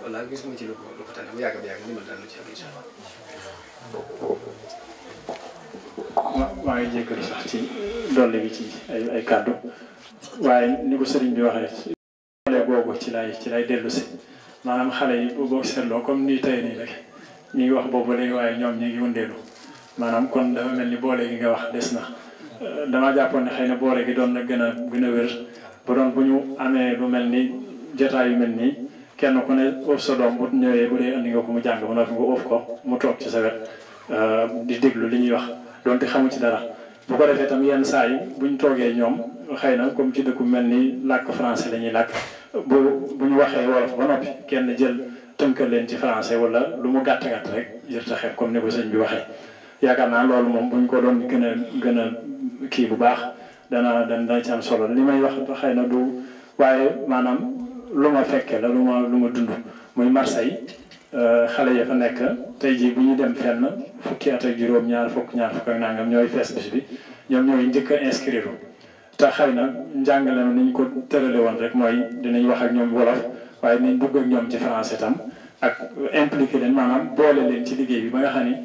walla gisuma ci lu ko lu ko tane bu yàgg bi yàgg ni ma daan ci am incha allah ma maa ngi jégalu sax ci dolli gi ci ay kàddu waaye ni ko sëriñ bi waxee xale ci lay dellusi maanaam xale yi boo seetloo comme nii tey nii rek ñu ngi wax boobu léegi waaye ñoom ñu ngi wëndeelu maanaam kon dafa mel ni boole gi nga wax des na euh, damaa jàppoon ne xëy na boole gi doon na gën a gën a wér bu doon bu ñu amee lu mel ni jotaay yu mel nii kenn ku ne oof sa doom bu ñëwee bu dee andi nga ko mu jàng mu noppi nga oof ko mu toog ci sa wet euh, di déglu li ñuy wax donte xamu ci dara bu ko defee tam yenn saa yi buñ toogee ñoom xëy na comme ci dëkku mel ni làkk français la ñuy làkk bu bu ñu waxee wolof ba noppi kenn jël tënkal leen ci francais wala lu mu gàtt gàtt rek jër ta xeeb comme ni ko sëñ bi waxee yaakaar naa loolu moom buñ ko doon gën a gën a kii bu baax dana dana ci am solo li may wax xëy na du waaye maanaam lu ma fekkee la lu ma lu ma dund muy Marseille Euh, xale ya fa nekk tey jii bu ñu dem fenn fukki at ak juróom ñaar fukk ñaar fukk ak nangam ñooy fees bis bi ñoom ñooy njëkk a inscrire te xëy na njàngale na ni ñu ko tërale woon rek mooy dinañ wax ak ñoom wolof waaye dinañ dugg ak ñoom ci français tam ak impliqué leen maanaam boole leen ci liggéey bi ba nga xam ni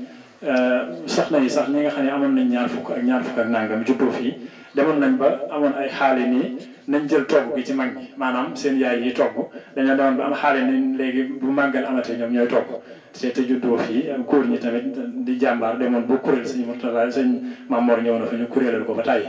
euh, na yi sax ñi nga xam ne amoon nañ ñaar fukk ak ñaar fukk ak nangam juddoo fii demoon nañ ba amoon ay xaale nii nañ jël togg gi ci mag ñi maanaam seen yaay yi togg dañoo demoon ba am xaale ni léegi bu màggal amatee ñoom ñooy togg te te juddoo fii góor ñi tamit di jàmbaar demoon ba kuréel sëñ Murtala sëñ Mamor ñëw na fa ñu kuréelal ko ba tàyyi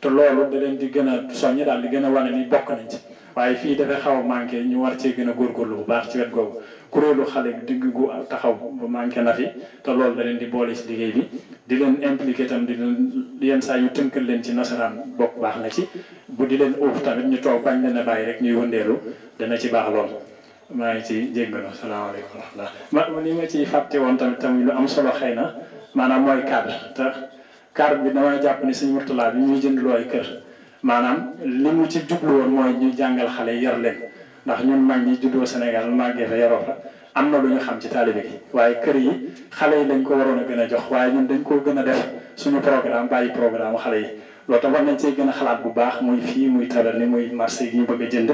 te loolu da leen di gën a soññ daal di gën a wane nii bokk nañ ci waaye fii dafay xaw a manqué ñu war cee gën a góorgóorlu bu baax ci wet googu kuréelu xale digg gu taxaw bu manqué na fi te loolu da di boole ci liggéey bi di leen impliqué tam di leen yenn saa ñu tënkal leen ci nasaraan bokk baax na ci bu di leen uuf tamit ñu toog bañ leen a bàyyi rek ñuy wëndeelu dana ci baax lool maa ngi ciy jéggalu salaamaaleykum wa rahmatulah. ma li ma ciy fàtte woon tamit tamit lu am solo xëy na maanaam mooy cadre te cadre bi damay jàpp ne suñu Murtala bi ñuy jënd ay kër maanaam li mu ci jublu woon mo ñu jàngal xale yar leen. ndax ñun mag ñi juddoo Sénégal màggee fa yaroo fa am na lu ñu xam ci taalibe gi waaye kër yi xale yi dañ ko waroon a gën a jox waaye ñun dañ koo gën a def suñu programme bàyyi programme xale yi loolu tam war nañ cee gën a xalaat bu baax muy fii muy taberni muy marché gi ñu bëgg a jënd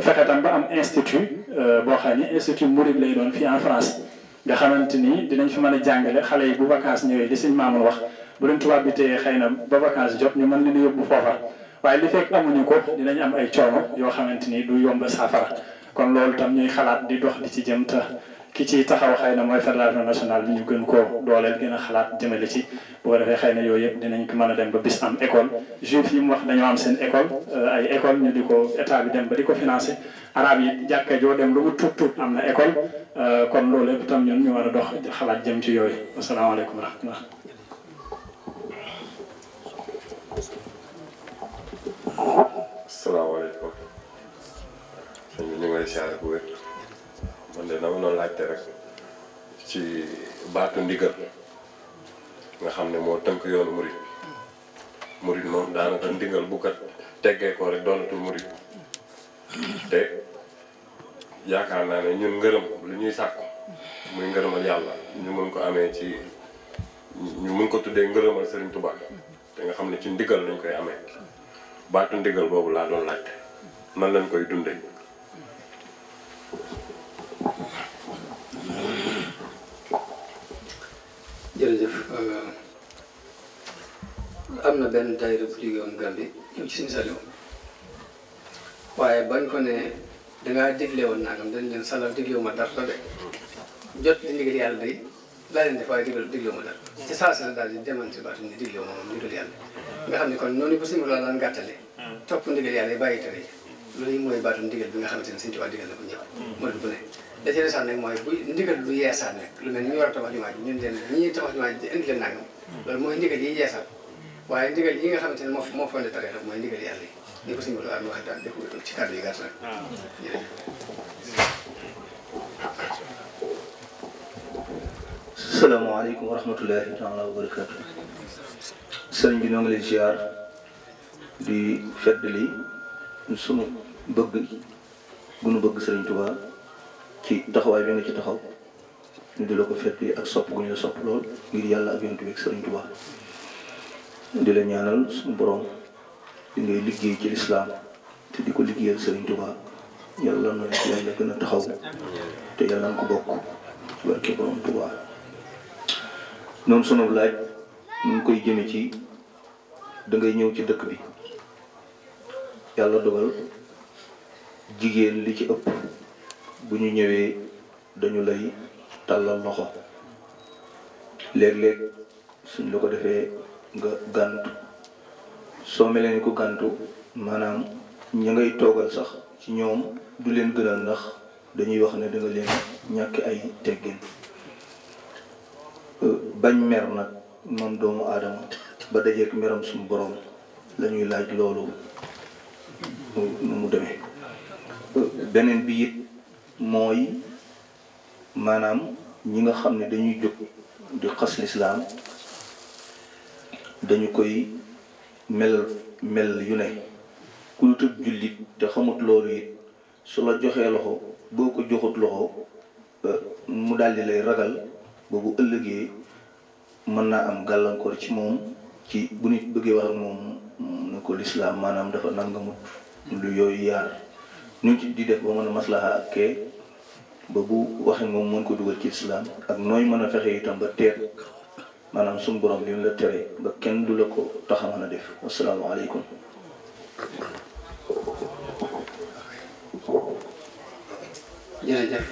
fexe tam ba am institut euh, boo xam ni institut Mouride lay doon fii en France nga xamante ni dinañ fi mën a jàngale xale yi bu vacance ñëwee li suñ maamul wax bu leen tubaab bi téye xëy na ba vacance jot ñu mën leen yóbbu foofa waaye li fekk amuñu ko dinañ am ay coono yoo xamante ni du yomb saafara kon loolu tam ñuy xalaat di dox di ci jëm ta ki ci taxaw xëy na mooy fédération nationale bi ñu gën koo dooleel gën a xalaat jëmale ci bu ko defee xëy na yooyu yëpp dinañ ko mën a dem ba bis am école juif yi mu wax dañoo am seen école euh, ay école ñu di ko état bi dem ba di ko financé arab yi jàkka joo dem lu mu tuut tuut am na école euh, kon loolu yëpp tam ñun ñu war a dox xalaat jëm ci yooyu asalaamaaleykum wa rahmatullah asalaamaaleykum sëñ bi ñu ngi lay siyaare bu wér man de dama noonu laajte rek ci baatu ndigal nga xam ne moo tënk yoonu murit murit moom daanaka ndigal bu kat teggee ko rek doonatul murit te yaakaar naa ne ñun ngërëm lu ñuy sàkku muy ngërëmal yàlla ñu mën ko amee ci ñu mën ko tuddee ngërëmal Serigne Touba te nga xam ne ci ndigal lañ koy amee baatu ndigal boobu laa doon laajte nan lañ koy dunde jërëjëf euh, am na benn daayira bu jóge woon Gàmbi ñëw ci suñu waaye bañ ko ne dangaa digle woon naa dañ leen salal digle wu ma dara de jot li ndigal yàlla day laa leen def waaye digal digloo ma dara ci saa si la daal di demante baatu ni digloo ma moom ndigal yàlla nga xam ne kon noonu ko suñu laa daan gàttale hmm. topp ndigal yàlla yi bàyyi tere loolu yi mooy baatu bi nga xamante ne suñu tubaab digal na ko ñëpp bu hmm. ne da ci desaan nag mooy bu ndigal lu yeesaat nag ni ñu a hmm. mooy ndigal yi yeesaat waaye ndigal nga xamante ne moo moo fonde mooy ndigal yàlla ni ko suñu mbooloo am waxee daal def yi gàtt asalaamaaleykum wa rahmatullahi taala wa barakaatu sëriñ bi ñoo ngi lay ziar di feddali sunu bëgg gunu bëgg sëriñ Tuubaa ci taxawaay bi nga ci taxaw ñu di la ko feddali ak sopp gu ñu sopp lool ngir yàlla ak yonent bi ak sëriñ Tuubaa di la ñaanal suñu borom di ngay liggéey ci lislaam te di ko liggéeyal sëriñ Tuubaa yàlla noonu ci yàlla gën a taxaw te yàlla na ko bokk barke borom Tuubaa noonu sunu laaj ñu ngi koy jëme ci dangay ñëw ci dëkk bi yàlla dogal jigéen li ci ëpp bu ñu ñëwee dañu lay tàllal loxo léeg-léeg suñ la ko defee nga gàntu soo melee ni ko gàntu maanaam ña ngay toogal sax ci ñoom du leen gënal ndax dañuy wax ne da nga leen ñàkk ay teggin bañ mer nag moom doomu aadama ba dajeek meram suñu borom lañuy laaj loolu nu mu demee beneen bi it mooy maanaam ñi nga xam ne dañuy jóg di xas lislaam dañu koy mel mel yu ne ku lu tëb jullit te xamut loolu it su la joxee loxo boo ko joxut loxo euh, mu daldi lay ragal ba bu ëllëgee mën naa am gàllankoor ci moom ci bu nit bëggee wax ak moom ne ko lislaam maanaam dafa nangamut lu yooyu yaar ñu ci di def ba mën a maslaha ak kee ba bu waxee moom mën ko dugal ci lislaam ak nooy mën a fexe itam ba teer maanaam suñu borom li mu la tere ba kenn du la ko tax a def wasalaamaaleykum jërëjëf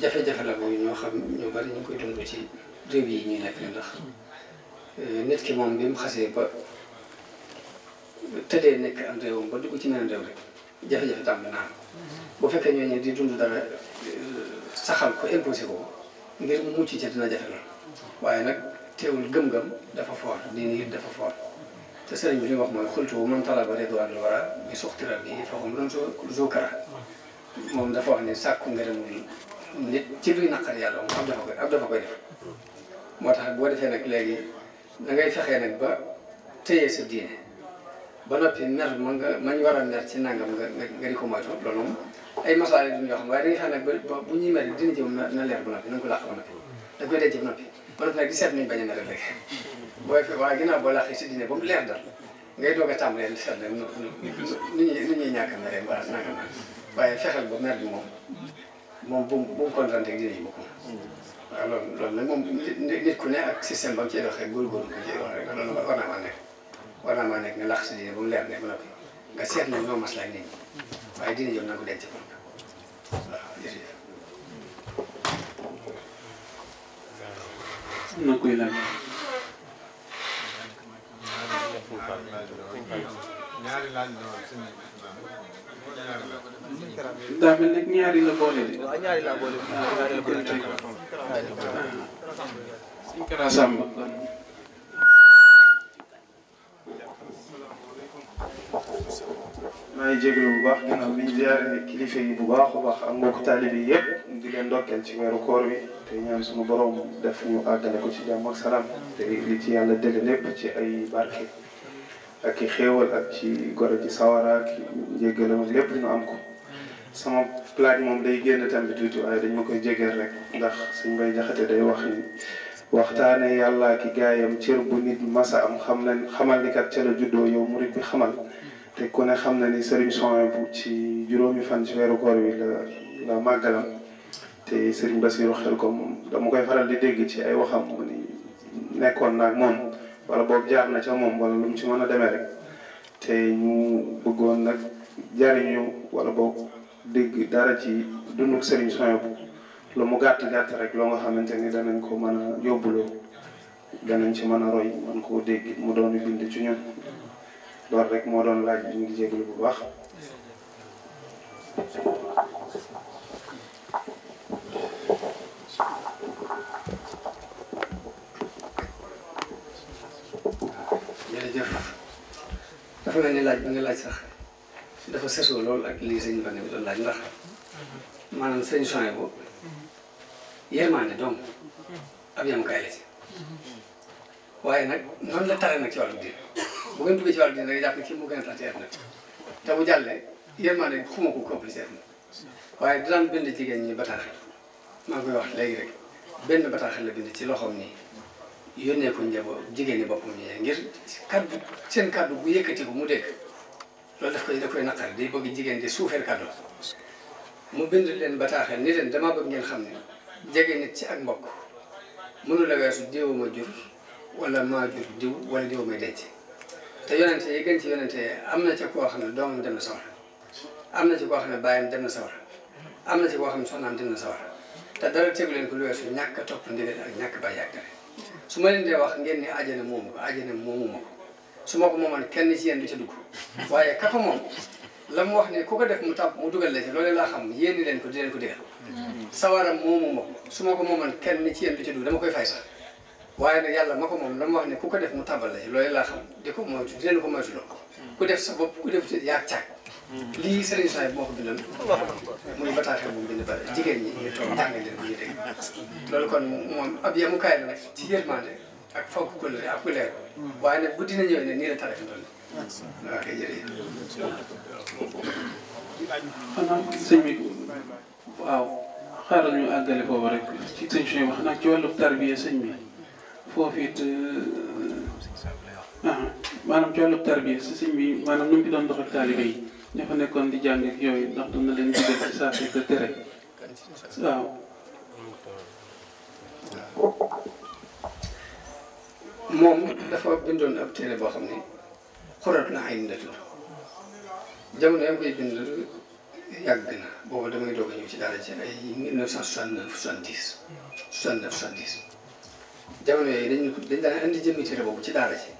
jafe-jafe la mooy ñoo xam ñu bari ñu koy dund ci réew yi ñuy nekk ndax euh, nit moom bi mu xasee ba tëddee nekk am réewam ba dugg ci meneen réew rek jafe-jafe tam dana am mm-hmm. bu fekkee ñooñu di dund dara euh, saxal ko imposé ko ngir mucc ci dina jafe lool mm-hmm. waaye nag teewul gëm-gëm dafa foor diine it dafa foor mm-hmm. te sëriñ bi ñu wax mooy xultu man talaba ridwan lu wara bi suxtiral bi fa hum doon moom dafa wax ne sàkku ngërëmul nit ci luy naqar yàlla moom ab dafa koy ab dafa koy def moo tax boo defee nag léegi da ngay fexee nag ba téye sa diine ba noppi mer ma nga mañ war a mer ci nangam nga nga di ko moytu loolu moom ay masaale duñ yoo xam waaye da ngay ba bu ñuy mer dina jëm na leer ba noppi na nga ko làq ba noppi da koy denc ba noppi ba noppi nag di seet nañ bañ a mer rek booy fi waaye ginnaaw boo làqee si diine ba mu leer a tàmbalee di seet nag ñuy nu ñuy ñàkk a meree mbaa nangam waaye fexeel ba mer bi moom moom bu mu bu mu kontaanee ak dinañ bokk. waaw moom nit ku ne ak système ba mu cee doxee góorgóorlu ko cee wax war naa maa nekk. war naa maa nga lax si diine ne ba noppi nga seet nag ñoo maslaa ak nit ñi waaye dina jëm na ko denc la daa mel ñaari la boole de. ñaari la boole suñ Kara Samb maa ngi jégalu bu baax ginnaaw bi ñu ziare kilifa bu baax a baax ak mbokk taalibe yi yëpp di leen ndokkeel ci weeru koor wi te ñaan suñu boroom def ñu àggale ko ci jàmm ak salaam te li ci yàlla dégg lépp ci ay barke ak i xéewal ak ci gore ci sawara ak yépp lépp ñu am ko. sama plaque moom day génn tambi tuuti waaye dañ ma koy jéggal rek ndax suñ bay jaxate day wax waxtaanee waxtaane yàllaa ki gaayam cër bu nit masa am xam na xamal ni kat ca la juddoo yow murit bi xamal te ku ne xam na ni sëriñ Sonia bu ci juróomi fan ci weeru koor wi la la màggalam te sëriñ Basiru xel ko moom dama koy faral di dégg ci ay waxam mu ni nekkoon naag moom wala boog jaar na ca moom wala lum ci mën a demee rek te ñu bëggoon nag jariñu wala boog dégg dara ci dunduk Serigne Souhaïbou bu lu mu gàtt gàtt rek loo nga xamante ni danañ ko mën a yóbbuloo danañ ci mën a roy man koo dégg mu doon bind ci ñun loolu rek moo doon laaj bi ñu ngi jégalu bu baax. jërëjëf dafa mel ni laaj bi nga laaj sax. dafa sesoo lool ak lii sëñ Mbacke bi doon laaj ndax maanaam sëñ changé ko yërmaande doom ab yamukaay la ci waaye nag noonu la tare nag ci wàllu diin bu gën duggee ci wàllu diin da ngay jàpp ne kii moo gën a tax ci àdduna te bu jàllee yërmaande xuma ko compliqué na waaye daan bind jigéen ñi bataaxal maa ngi koy wax léegi rek benn bataaxal la bind ci loxoom nii yónnee ko njaboot jigéen ñi boppam ñi ngir kaddu seen kaddu bu yëkkati ko mu dégg. loolu daf koy da koy naqari day bëgg jigéen di suufeel kàddu mu bind leen bataaxel ni leen damaa bëgg ngeen xam ne jege nit ci ak mbokk mënu la weesu diw ma jur wala maa jur diw wala diw te yonente yi gën ci yonente am na ci koo xam ne doomam dem na sawar am na ci koo xam ne bàyyam dem na sawar am na ci koo xam ne soxnaam dem na sawar te dara tegu leen ko lu weesu ñàkk a topp ndigal ak ñàkk bàyyi ak su ma leen dee wax ngeen ne ajana moomu ko moom moomu su ma ko moomoon kenn ci yéen du ca dugg waaye ka ko moom la mu wax ne ku ko def mu tàpp mu dugal la ci loolu laa xam yéen leen ko di leen ko digal sawaram moomu ma su ma ko moomoon kenn ci yéen du ca dugg dama koy fay sax waaye yàlla ma ko moom la mu wax ne ku ko def mu tàbbal la ci loolu laa xam di ko moytu di leen ko moytu loolu ku def sa bopp ku def yaa caag lii Serigne Sall moo ko bindoon muy bataaxal bu mu bind bare jigéen ñi ñu toog jàngal leen bu ñu dégg loolu kon la nag ci yërmande ak fonk ko la ak ku leer mm. waaye nag bu dina ñëw xanaa sëñ bi waaw xaaral ñu àggale boobu rek ci sëñ suñu wax nag ci wàllu tarbiya sëñ bi foofu it euh, ah, maanaam ci wàllu tarbiya si sëñ maanaam nu mu fi doon dox ak taalibe yi ña fa nekkoon di jàng ak yooyu ndax dina leen digal ci saa si te tere waaw moom dafa bindoon ab téere boo xam ne xuratu la ay ndatu jamono yam koy bind yàgg na booba damay doog a ñëw ci daara ci ay 1969 70 69 70 jamono yooyu dañ dañ daan indi jëmmi téere boobu ci daara ci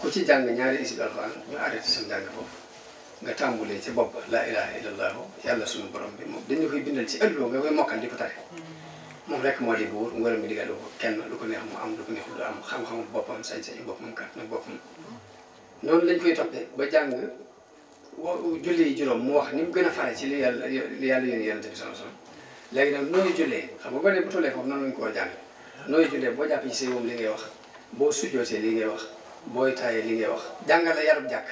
ku ci jàng ñaari isib alxuraan ñu arrêté sa njàng foofu nga tàmbulee ci bopp laa ilaha illallah yàlla suñu borom bi moom dañu koy bindal ci ëllëg nga koy mokkal di tare moom rek moo di buur ngërëm bi digal ko kenn lu ko neex mu am lu ko neexul du am xam-xamu boppam sañ-sañu boppam kàttanu boppam. noonu lañ koy toppee ba jàng wo julli juróom mu wax ni mu gën a fare ci li yàlla li yàlla yónni yonent bi sama sama léegi nag nooy xam nga ba ne bu tollee ko a jàng nooy boo jàpp ci say wóom li ngay wax boo sujjootee li ngay wax booy taayee li ngay wax jàngale yarub jàkk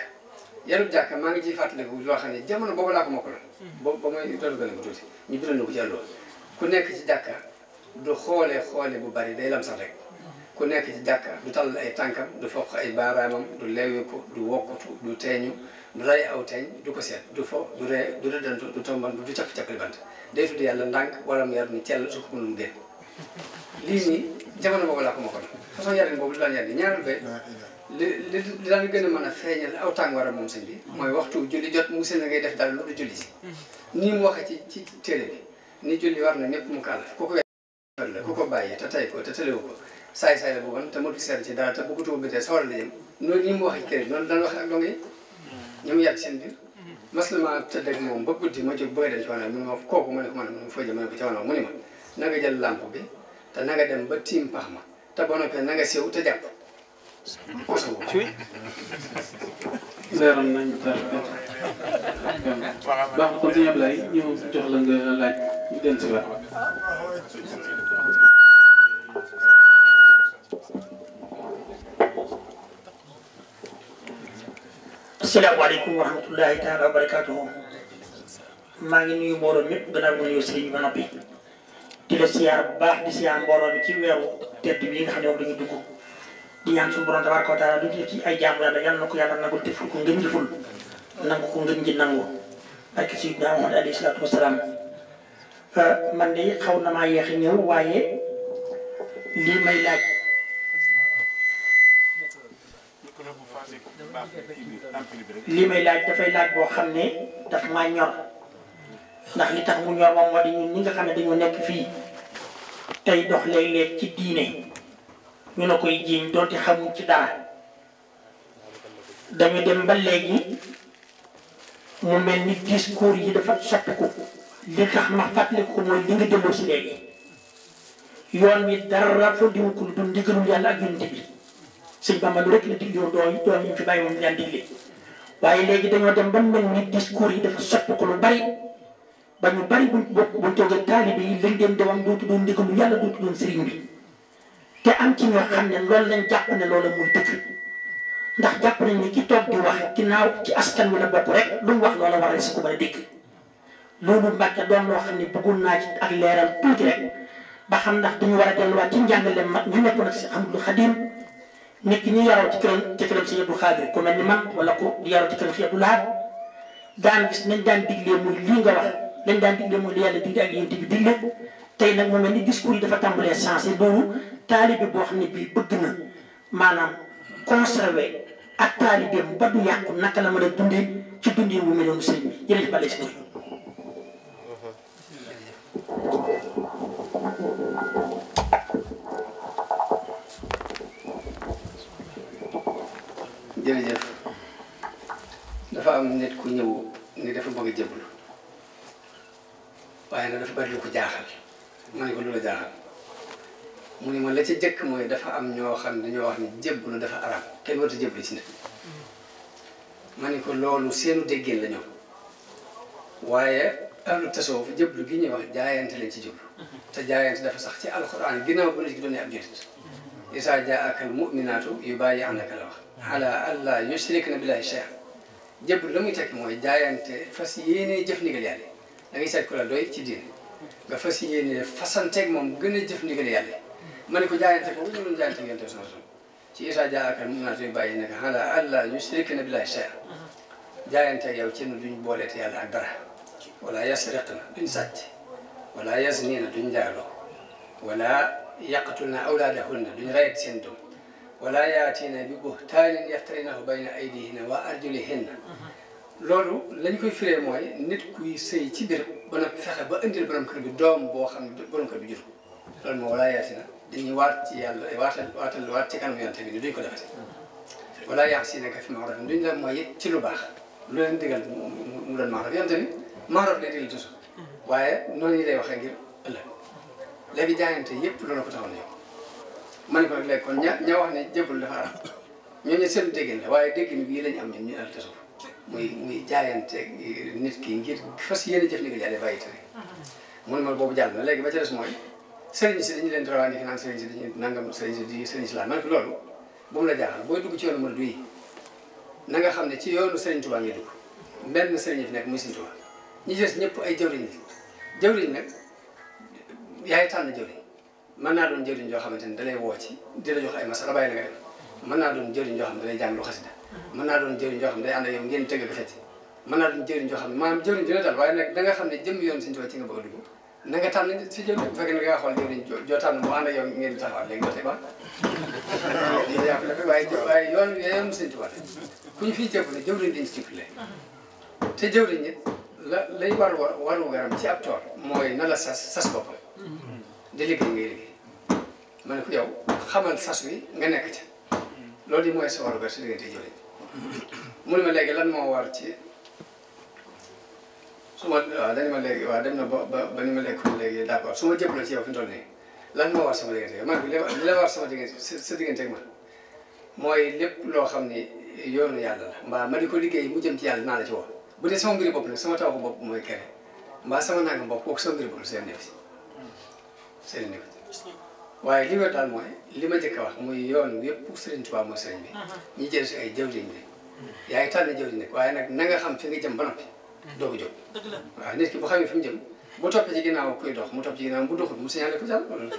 yarub jàkk maa ngi ciy fàttaliku loo xam ne jamono boobu laa ko mokk la hmm. ba mooy doon gën a ko tuuti ñu biral na ko ku nekk ci jàkka du xoolee xoolee bu bari day lam sax rek ku nekk ci jàkka du tallal ay tànkam du foq ay baaraamam du leewi ko du wokkutu du teeñu du rey aw teeñ du ko seet du fo du ree du rëddantu du tombantu du cakk-cakk li bant day tudd yàlla ndànk waram yar ni cell su ko mënul génn lii laa ko ma ba li li gën a mën a feeñal aw tàngooram moom sëñ bi mooy waxtu julli jot mu seen ngay def daal lu du julli si mm-hmm. nii mu waxee ci ci téere bi ni julli war na ñëpp mu kàll la ku ko bàyyi te tay ko te tëlewu ko saay-saay la boobu te motu seer ci dara te bëggu tuba bitee sawar la jëm noonu mu wax kër noonu dañ mm-hmm. moom ba ci mu ne ma kooku ma ne ko ma ko ci na nga jël làmp bi te na nga dem ba tiim pax ma te boo noppee na nga sew te jàpp poso seeram nañ baax kon sëñ Ablaye ñu jox la nga laaj ñu dellu si waat asalaamaaleykum wa rahmatullahi taala wa maa ngi nuyu mbooloo mépp gannaaw ma nuyu sëriñ ba noppi di siyaar bu baax di siyaar mbooloo ci weeru tedd bi nga xam ne moom dañuy dugg di ci ay jaamu yàlla ko yàlla nangul te ful ko ngeen jëful nangu ko ngeen nangu ak Sayyidina Muhammad alayhi salaatu euh, man de xaw na maa yéex ñëw waaye lii may laaj. lii may laaj dafay laaj boo xam ne daf maa ñor ndax li tax mu ñor moom moo di ñun nga xam ne dañoo nekk fii tey dox léeg-léeg ci diine ñu ne koy jiiñ doonte xamuñ ci dara dañu dem ba léegi mu mel ni discours yi dafa soppiku li tax ma fàttaliku ko mooy li nga delloo si léegi yoon wi dara foo diwu ko lu dul ndigalul yàlla ak yonent bi sëñ Bamba lu rek la dig yow doo doo ñu fi bàyyi moom ñaan digle waaye léegi dañoo dem ba mu mel ni discours yi dafa soppi ko lu bari ba ñu bari buñ bokk buñ toogee taalibe yi liñ leen di wax di doon ndigalu yàlla dootu doon sëriñ bi te am ci ñoo xam ne loolu lañ jàpp ne loolu muy dëkk ndax jàpp nañ ni ki toog di wax ginnaaw ci askan wi la bokk lu mu wax loola war a si ko mën a loolu mbàkke doon loo xam ne bëggoon naa ci ak leeral tuuti rek ba xam ndax dañu war a delluwaat ci njàngale mag ñu nekkoon ak si Ahmadul Xadim nit ki ñu yaroo ci këram ci këram si Abdou Khadir ku mel ni man wala ku yaroo ci këram si Abdou Lahad daan gis nañ daan diglee muy lii nga wax lañ daan diglee muy li yàlla digle ak yéen bi digle tey nag mu mel ni discours yi dafa tàmbalee sensé boobu taalibe boo xam ne bii bëgg na maanaam conservé ak taalibeem ba du yàqu naka la mën a dundee ci dundee wu mel noonu sëñ bi jërëjëf Aliou ku ñëw ni dafa bëgg a jébbalu waaye nag dafa bari lu ko jaaxal ma mu ne ma la ca jëkk mooy dafa am ñoo xam ne dañoo wax ni jébbalu dafa araam kenn waratu jébbalu ci ko loolu seenu déggéen la ñoom waaye ahlu tasawuf jëblu gi ñuy wax jaayante ci jublu te jaayante dafa sax ci al mu'minaatu yubaayi'anaka la wax ala an laa yushrikna jëbbu la muy tekki mooy jaayante fas yéenee jëf ndigal yàlla da ngay seet ku la doy ci diine nga fas yéenee fasanteeg moom gën a jëf ndigal yàlla ma ne ko jaayante boobu ñu doon jaayante ngeen te sama son ci isa jaakar mun naa toy bàyyi ne ko xanaa allah yusrika na billahi shay'a jaayante yow ci nu duñ booleete yàlla ak dara wala yasriq na duñ sàcc wala yasnii na aw njaaloo wala yaqtul na awlaadahunna duñ rayet seen doom wala yaatina bi buhtaanin yaftarinahu bayna aydihinna wa arjulihinna loolu lañ koy firee mooy nit kuy sëy ci biir ba noppi fexe ba indil borom kër bi doom boo xam ne borom kër bi jur loolu moom wala yaatina dañuy waat ci yàlla waatal waatal ci kanam yonte bi ni duñ ko defati wala si nekk fi maaroof mooy ci lu baax lu leen digal mu doon maaroof yonte bi maaroof lay digal toujours mm-hmm. waaye noonu yi lay waxee ngir ëllëg léegi jaayante yëpp loolu ko taxaw na man ne ko nag léegi kon ña wax ne jébul dafa am ñooñu seen déggin la waaye déggin bii lañ am ñun ñu dal tasawuf muy muy jaayante nit ki ngir fas yéene jëf ndigal yàlla bàyyi tere mun ma boobu jàll na léegi ba ca leen rawaan yi fi naan nangam sëriñ si di sëriñ si laa man loolu bu mu la jaaxal boo dugg ci yoonu murid yi na nga xam ne ci yoonu sëriñ Tuubaa ngay dugg benn sëriñ fi nekk muy sëriñ ñëpp ay jawriñ li jawriñ nag yaay tànn jawriñ mën naa doon jëriñ joo xamante ni dalay woo ci di la jox ay masala bàyyi la nga dem mën naa doon jëriñ joo xam ne dalay jàng lu xasida mën naa doon jëriñ joo xam ne day ànd ak yow ngeen tëgg fecc mën naa doon jëriñ joo xam ne maanaam jëriñ dina dal waaye nag da nga xam ne jëm yoon suñu tubaab ci nga bëgg a dugg na nga tànn si jëriñ bu fekkee ne nga xool jëriñ joo tànn mu ànd ak yow ngeen di taxawaat léegi dootay baax yàqu la waaye waaye yoon yoon suñu tubaab ku ñu fii jëpp ne jëwriñ dañ ci ciblé te jëwriñ it la lay war waru garam ci ab tool mooy na la sas sas boppam di liggéey ngay liggéey ma ne ko yow xamal sas wi nga nekk ci loolu yi mooy sa warugar si diggante jullit mu ne ma léegi lan moo war ci suma ma ma léegi waaw dem na ba ba ba ni ma léegi su ma jëbla ci yow fi mu toll nii lan moo war sama diggante man bi li la war sama diggante sa diggante ak man mooy lépp loo xam ni yoonu yàlla la mbaa ma di ko liggéey mu jëm ci yàlla naa la ci woo bu dee sama mbiri bopp nag sama taw ko bopp mooy kene mbaa sama nangam bopp kooku sama mbiri bopp seen nekk si seen nekk waaye li wér daal mooy li ma njëkk a wax muy yoon yëpp sëriñ Tuubaa mooy sëriñ bi. ñi jël si ay jawriñ bi. yaa ngi tànn jawriñ nag waaye nag na nga xam fi nga jëm ba noppi. Hmm. doo ko jóg waaw nit ki bu xamee mu jëm. bu toppee ci ginnaaw kuy dox mu topp ci ginnaaw bu doxul mu signalé ko jàll.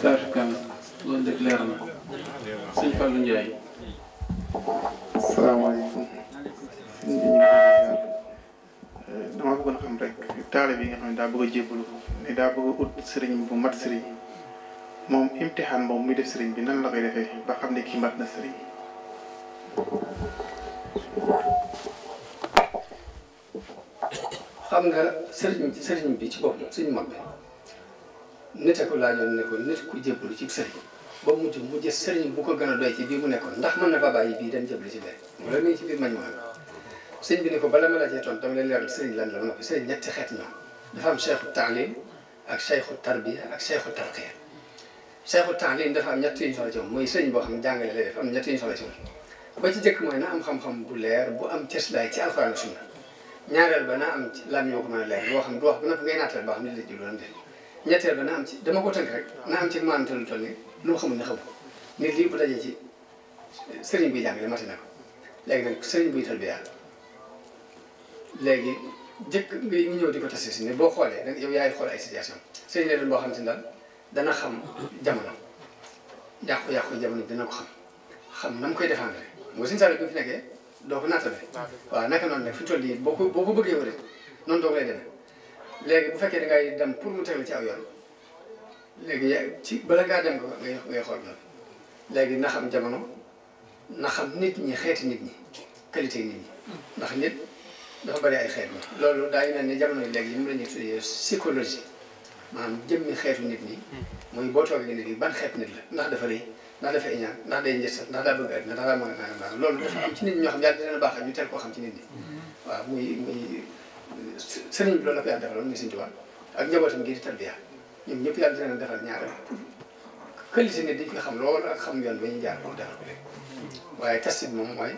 Sadio Kane loolu dëgg leer na damaa bëggoon xam rek taalibe bi nga xam ne daa bëgg a jébbalu ne daa bëgg a ut sëriñ bu mat sëriñ moom imtixaan moom muy def sëriñ bi nan la koy defee ba xam ne kii mat na sëriñ. nga sëriñ sëriñ bi ci boppam suñu mag bi nit ku laajoon ne ko nit ku jébbalu ci sëriñ ba mujj mu jës sëriñ bu ko gën a doy ci bii mu nekkoon ndax mën na fa bàyyi bii dem jébbalu ci bee. loolu la ci biir mañ ma sëñ bi ne ko bala ma la cee tontu dama lay leeral la ma ne xeet la dafa am cheikhu taalim ak cheikhu tarbiya ak cheikhu tarqiya cheikhu dafa am ñett yu ñu ci moom mooy sëriñ boo xam ne jàngale lay def am ba ci jëkk mooy na am xam-xam bu leer bu am cëslaay ci alxuraan ak sunna ñaareel ba na am ci lan ñoo ko mën a leer boo xam du wax bu noppi ngay naatal boo xam ne li la jublu lan def ñetteel ba na am ci dama ko tënk rek naa am ci maante lu toll ni lu mu xamul ne xamu nit lii bu dajee ci sëriñ bi jàngale mati na ko léegi nag sëriñ buy tarbiya léegi jëkk ngay ñëw di ko tase si ne boo xoolee yow yaay xool ay situation sëñ la doon boo xam si daal dana xam jamono yàqu-yàqu jamono dina ko xam xam koy défendre mooy suñu saal bi fi nekkee doo ko naatale waaw naka noonu nag fi mu toll boo ko boo ko bëggee wëree noonu doo lay demee léegi bu fekkee da ngay dem pour mu teg ci aw yoon léegi yaa ci bala ngaa dem ko ngay ngay xool noonu léegi na xam jamono na xam nit ñi xeeti nit ñi qualité nit ñi ndax nit. dafa bëri ay xeet loolu daañu naan ne jamono léegi yi mu la ñuy tuddee psychologie maanaam jëmmi xeetu nit ñi. muy hmm. boo toogee nit ñi ban xeetu nit ndax dafa rëy ndax dafa iñaan ndax day njëstal ndax daa bëgg àddina ndax daa mooy naan baax loolu dafa am ci nit ñu teel koo xam ci nit ñi. Hmm. waaw muy muy sëriñ bi loolu la ko yàlla defaloon muy Sëriñ Tuubaa ak njabootam ngi di tarbiya ñoom ñëpp yàlla dina defal ñaar qualité nit dañ koy xam loolu ak xam yoon ba ñuy jaar pour defal ko léegi hmm. waaye test bi moom mooy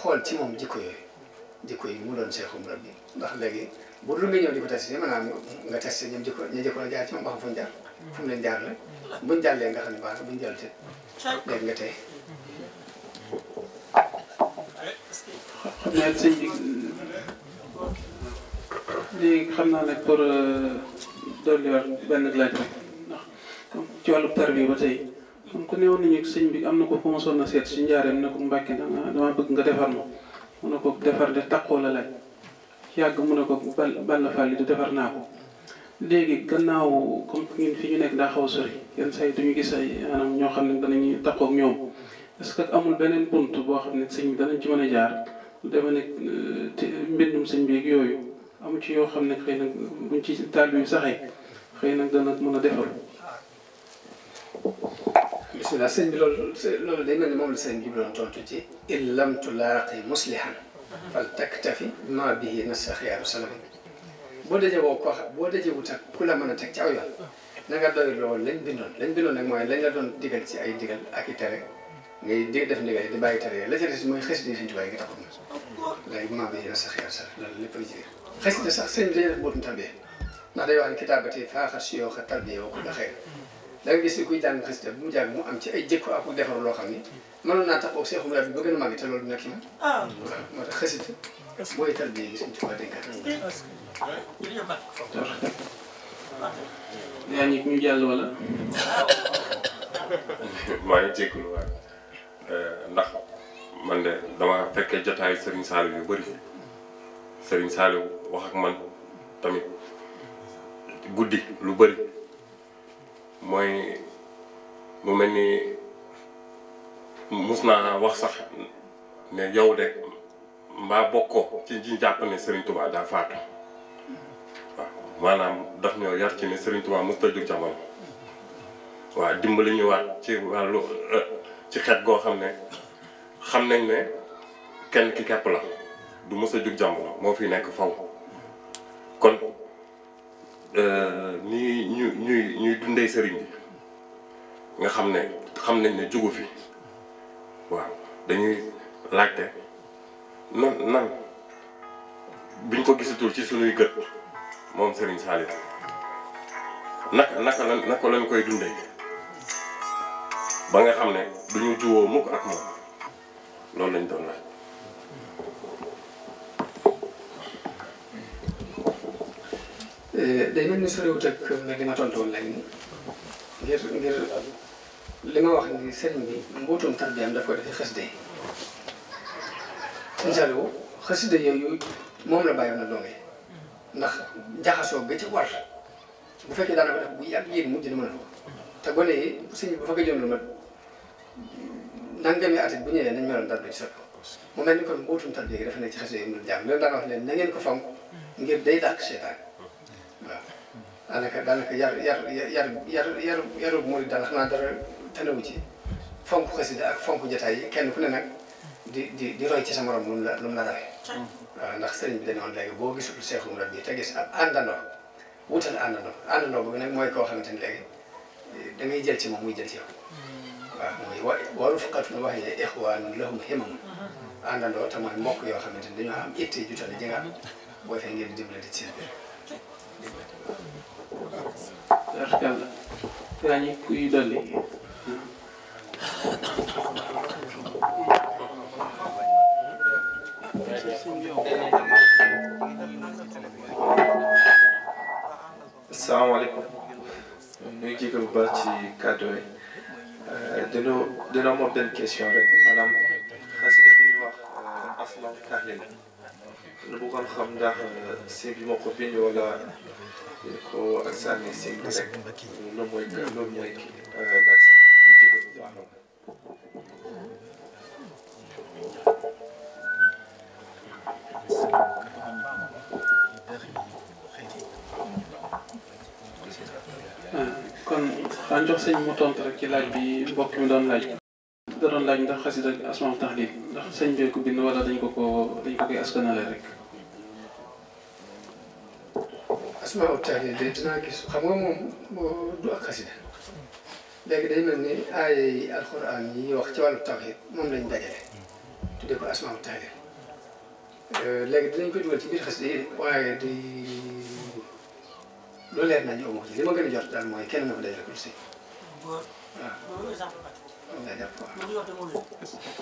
xool ci moom jikko yooyu jikko yi mu doon seexum rab bi ndax léegi bu dul nga ñëw di ko testé maanaam nga testé ñoom jikko ña jëkkoon a jaar ci moom nga xam fu ñu jaar fu mu leen jaar mm. nga xam ne baax na buñ jàll tey xam naa sëñ bi léegi xam naa nag pour euh, dolliwaat benn laaj rek ndax ci wàllu tarbiya ba tey kon ku newoon nañu sëñ bi am na ko fu ma sonn seet si njaareem ne ko Mbàkke dama bëgg nga defar moom mun na ko defar de taqoo la laaj yàgg mun na ko bal bal fàlli de defar naa ko léegi gannaaw comme ñun fi ñu nekk daa xaw a sori yenn saa yi duñu gis ay maanaam ñoo xam ne danañu taqoo ak ñoom que amul beneen bunt boo xam ne sëñ bi danañ ci mën a jaar lu demee nag euh, mbindum sëñ bi ak yooyu amu ci yoo xam ne xëy na buñ ci taal bi saxee xëy na dana mën a defar bisimilah sëñ bi loolu loolu day mel ni moom la sëñ bi doon tontu ci il lam tulaaqi muslihan fal taktafi ma bihi nasa xiyaaru salafi boo dajee woo koo xam boo dajee wut ak ku la mën a teg ci aw yoon na nga doy loolu lañ bindoon lañ bindoon nag mooy lañ la doon digal ci ay digal ak i tere ngay di def ndigal di bàyyi tere la ca des mooy xës di sëñ Tuubaa yi nga taxaw na léegi ma bihi nasa xiyaaru salafi loolu lépp la ci xës di sax sëñ bi dañuy def bootum tabee ndax day wax ne kitaabati faaxa siyooxa tarbiya wa kulla xayr da nga gis ni kuy jàng xasida bu mu jàng mu am ci ay jëkko ak defar loo xam ni mënoon naa tax boog seexu bi ba gën a màgg te loolu nekk na. Ah. waaw moo tax xasida mooy tal bi suñ ci waa dénkaat. yaa ngi ñu jàll wala. maa ngi jégalu eh, ndax man de dama fekkee jotaayu Serigne Saliou yu bëri Serigne Saliou wax ak man tamit guddi lu bëri. mooy mu mel ni mus naa wax sax ne yow de mbaa bokkoo ci ji jàpp ne Serigne Touba daa faatu waaw maanaam daf ñoo yar ci ne Serigne Touba mosut a jóg jamono waaw dimbali ñu waat ci wàllu euh, ci xeet goo xam ne xam nañ ne kenn ki kepp la du mos a jóg jamono moo fi nekk faw kon. Euh, nii ñu ñuy ñuy dundee sëriñ bi nga xam ne xam nañ ne jugu fi waaw dañuy laajte nan nan biñ ko gisatul ci suñuy gët moom sëriñ Saliou naka naka lañ naka lañ koy dundee ba nga xam ne duñu juwoo mukk ak moom loolu lañ doon laaj day mel ni soriwut ak li ma tontu woon ngir ngir li nga wax ni sëriñ bi mbootum tarbiyaam daf ko def ci xasida yi. sëñ Saliou xasida yooyu moom la bàyyoon na doom ndax jaxasoo ga ci war bu fekkee daanaka def bu yàgg yéen mu na mën a ko te gone yi sëñ bi bu fa gëjoon lu mat nangami at bu ñëwee nañ meloon dara du ci soppi mu mel ni kon mbootum tarbiya gi dafa nekk ci xasida yi mu jaam loolu daan wax ne na ngeen ko fonk ngir day dàq seetaan. daanaka daanaka yar yar yar yar yar yarub murid daal xam naa dara tënawu ci fonk xasida ak fonk jotaay yi kenn ku ne nag di di roy ci sa morom lu mu la lu mu la ndax sëriñ bi dañu woon léegi boo gisul seexul murid bi te gis àndandoo wutal àndandoo àndandoo boobu nag mooy koo xamante ni léegi dangay jël ci moom muy jël ci yow. waaw mooy wa waru faqatu nu wax ne ixwaanun lahum himamun àndandoo te mbokk yoo xamante ni dañoo am ittee jutale ji nga am boo fee ngeen ci tarkalla daañu kuy dolli asalaamaaleykum nuy jégal bu baax ci kàddu yi dina dina moom benn question rek maanaam xasida bi ñu wax aslam tahlil la lu bëggoon xam ndax si bi ma ko bind wala ko Alsane Sy rek moom mooy loolu kon daan jox sëñ mu tontu rek ci laaj bi mbokk mi doon laaj da doon laaj ndax xasida asmaam taxlil ndax sëñ bee ko bind wala dañ ko ko dañ ko koy askanale rek asmaa taalil de dinaa gis xam nga moom du ak xasida léegi day mel ni aaya yi alxuraan yi wax ci wàllu tawhid moom lañ dajale tuddee ko asmaa taalil eh, léegi dinañ ko dugal ci biir xasida yi waaye lu leer nañu amoo ci li ma gën a jot daal mooy kenn nga fa dajale ko si waaw. Ah.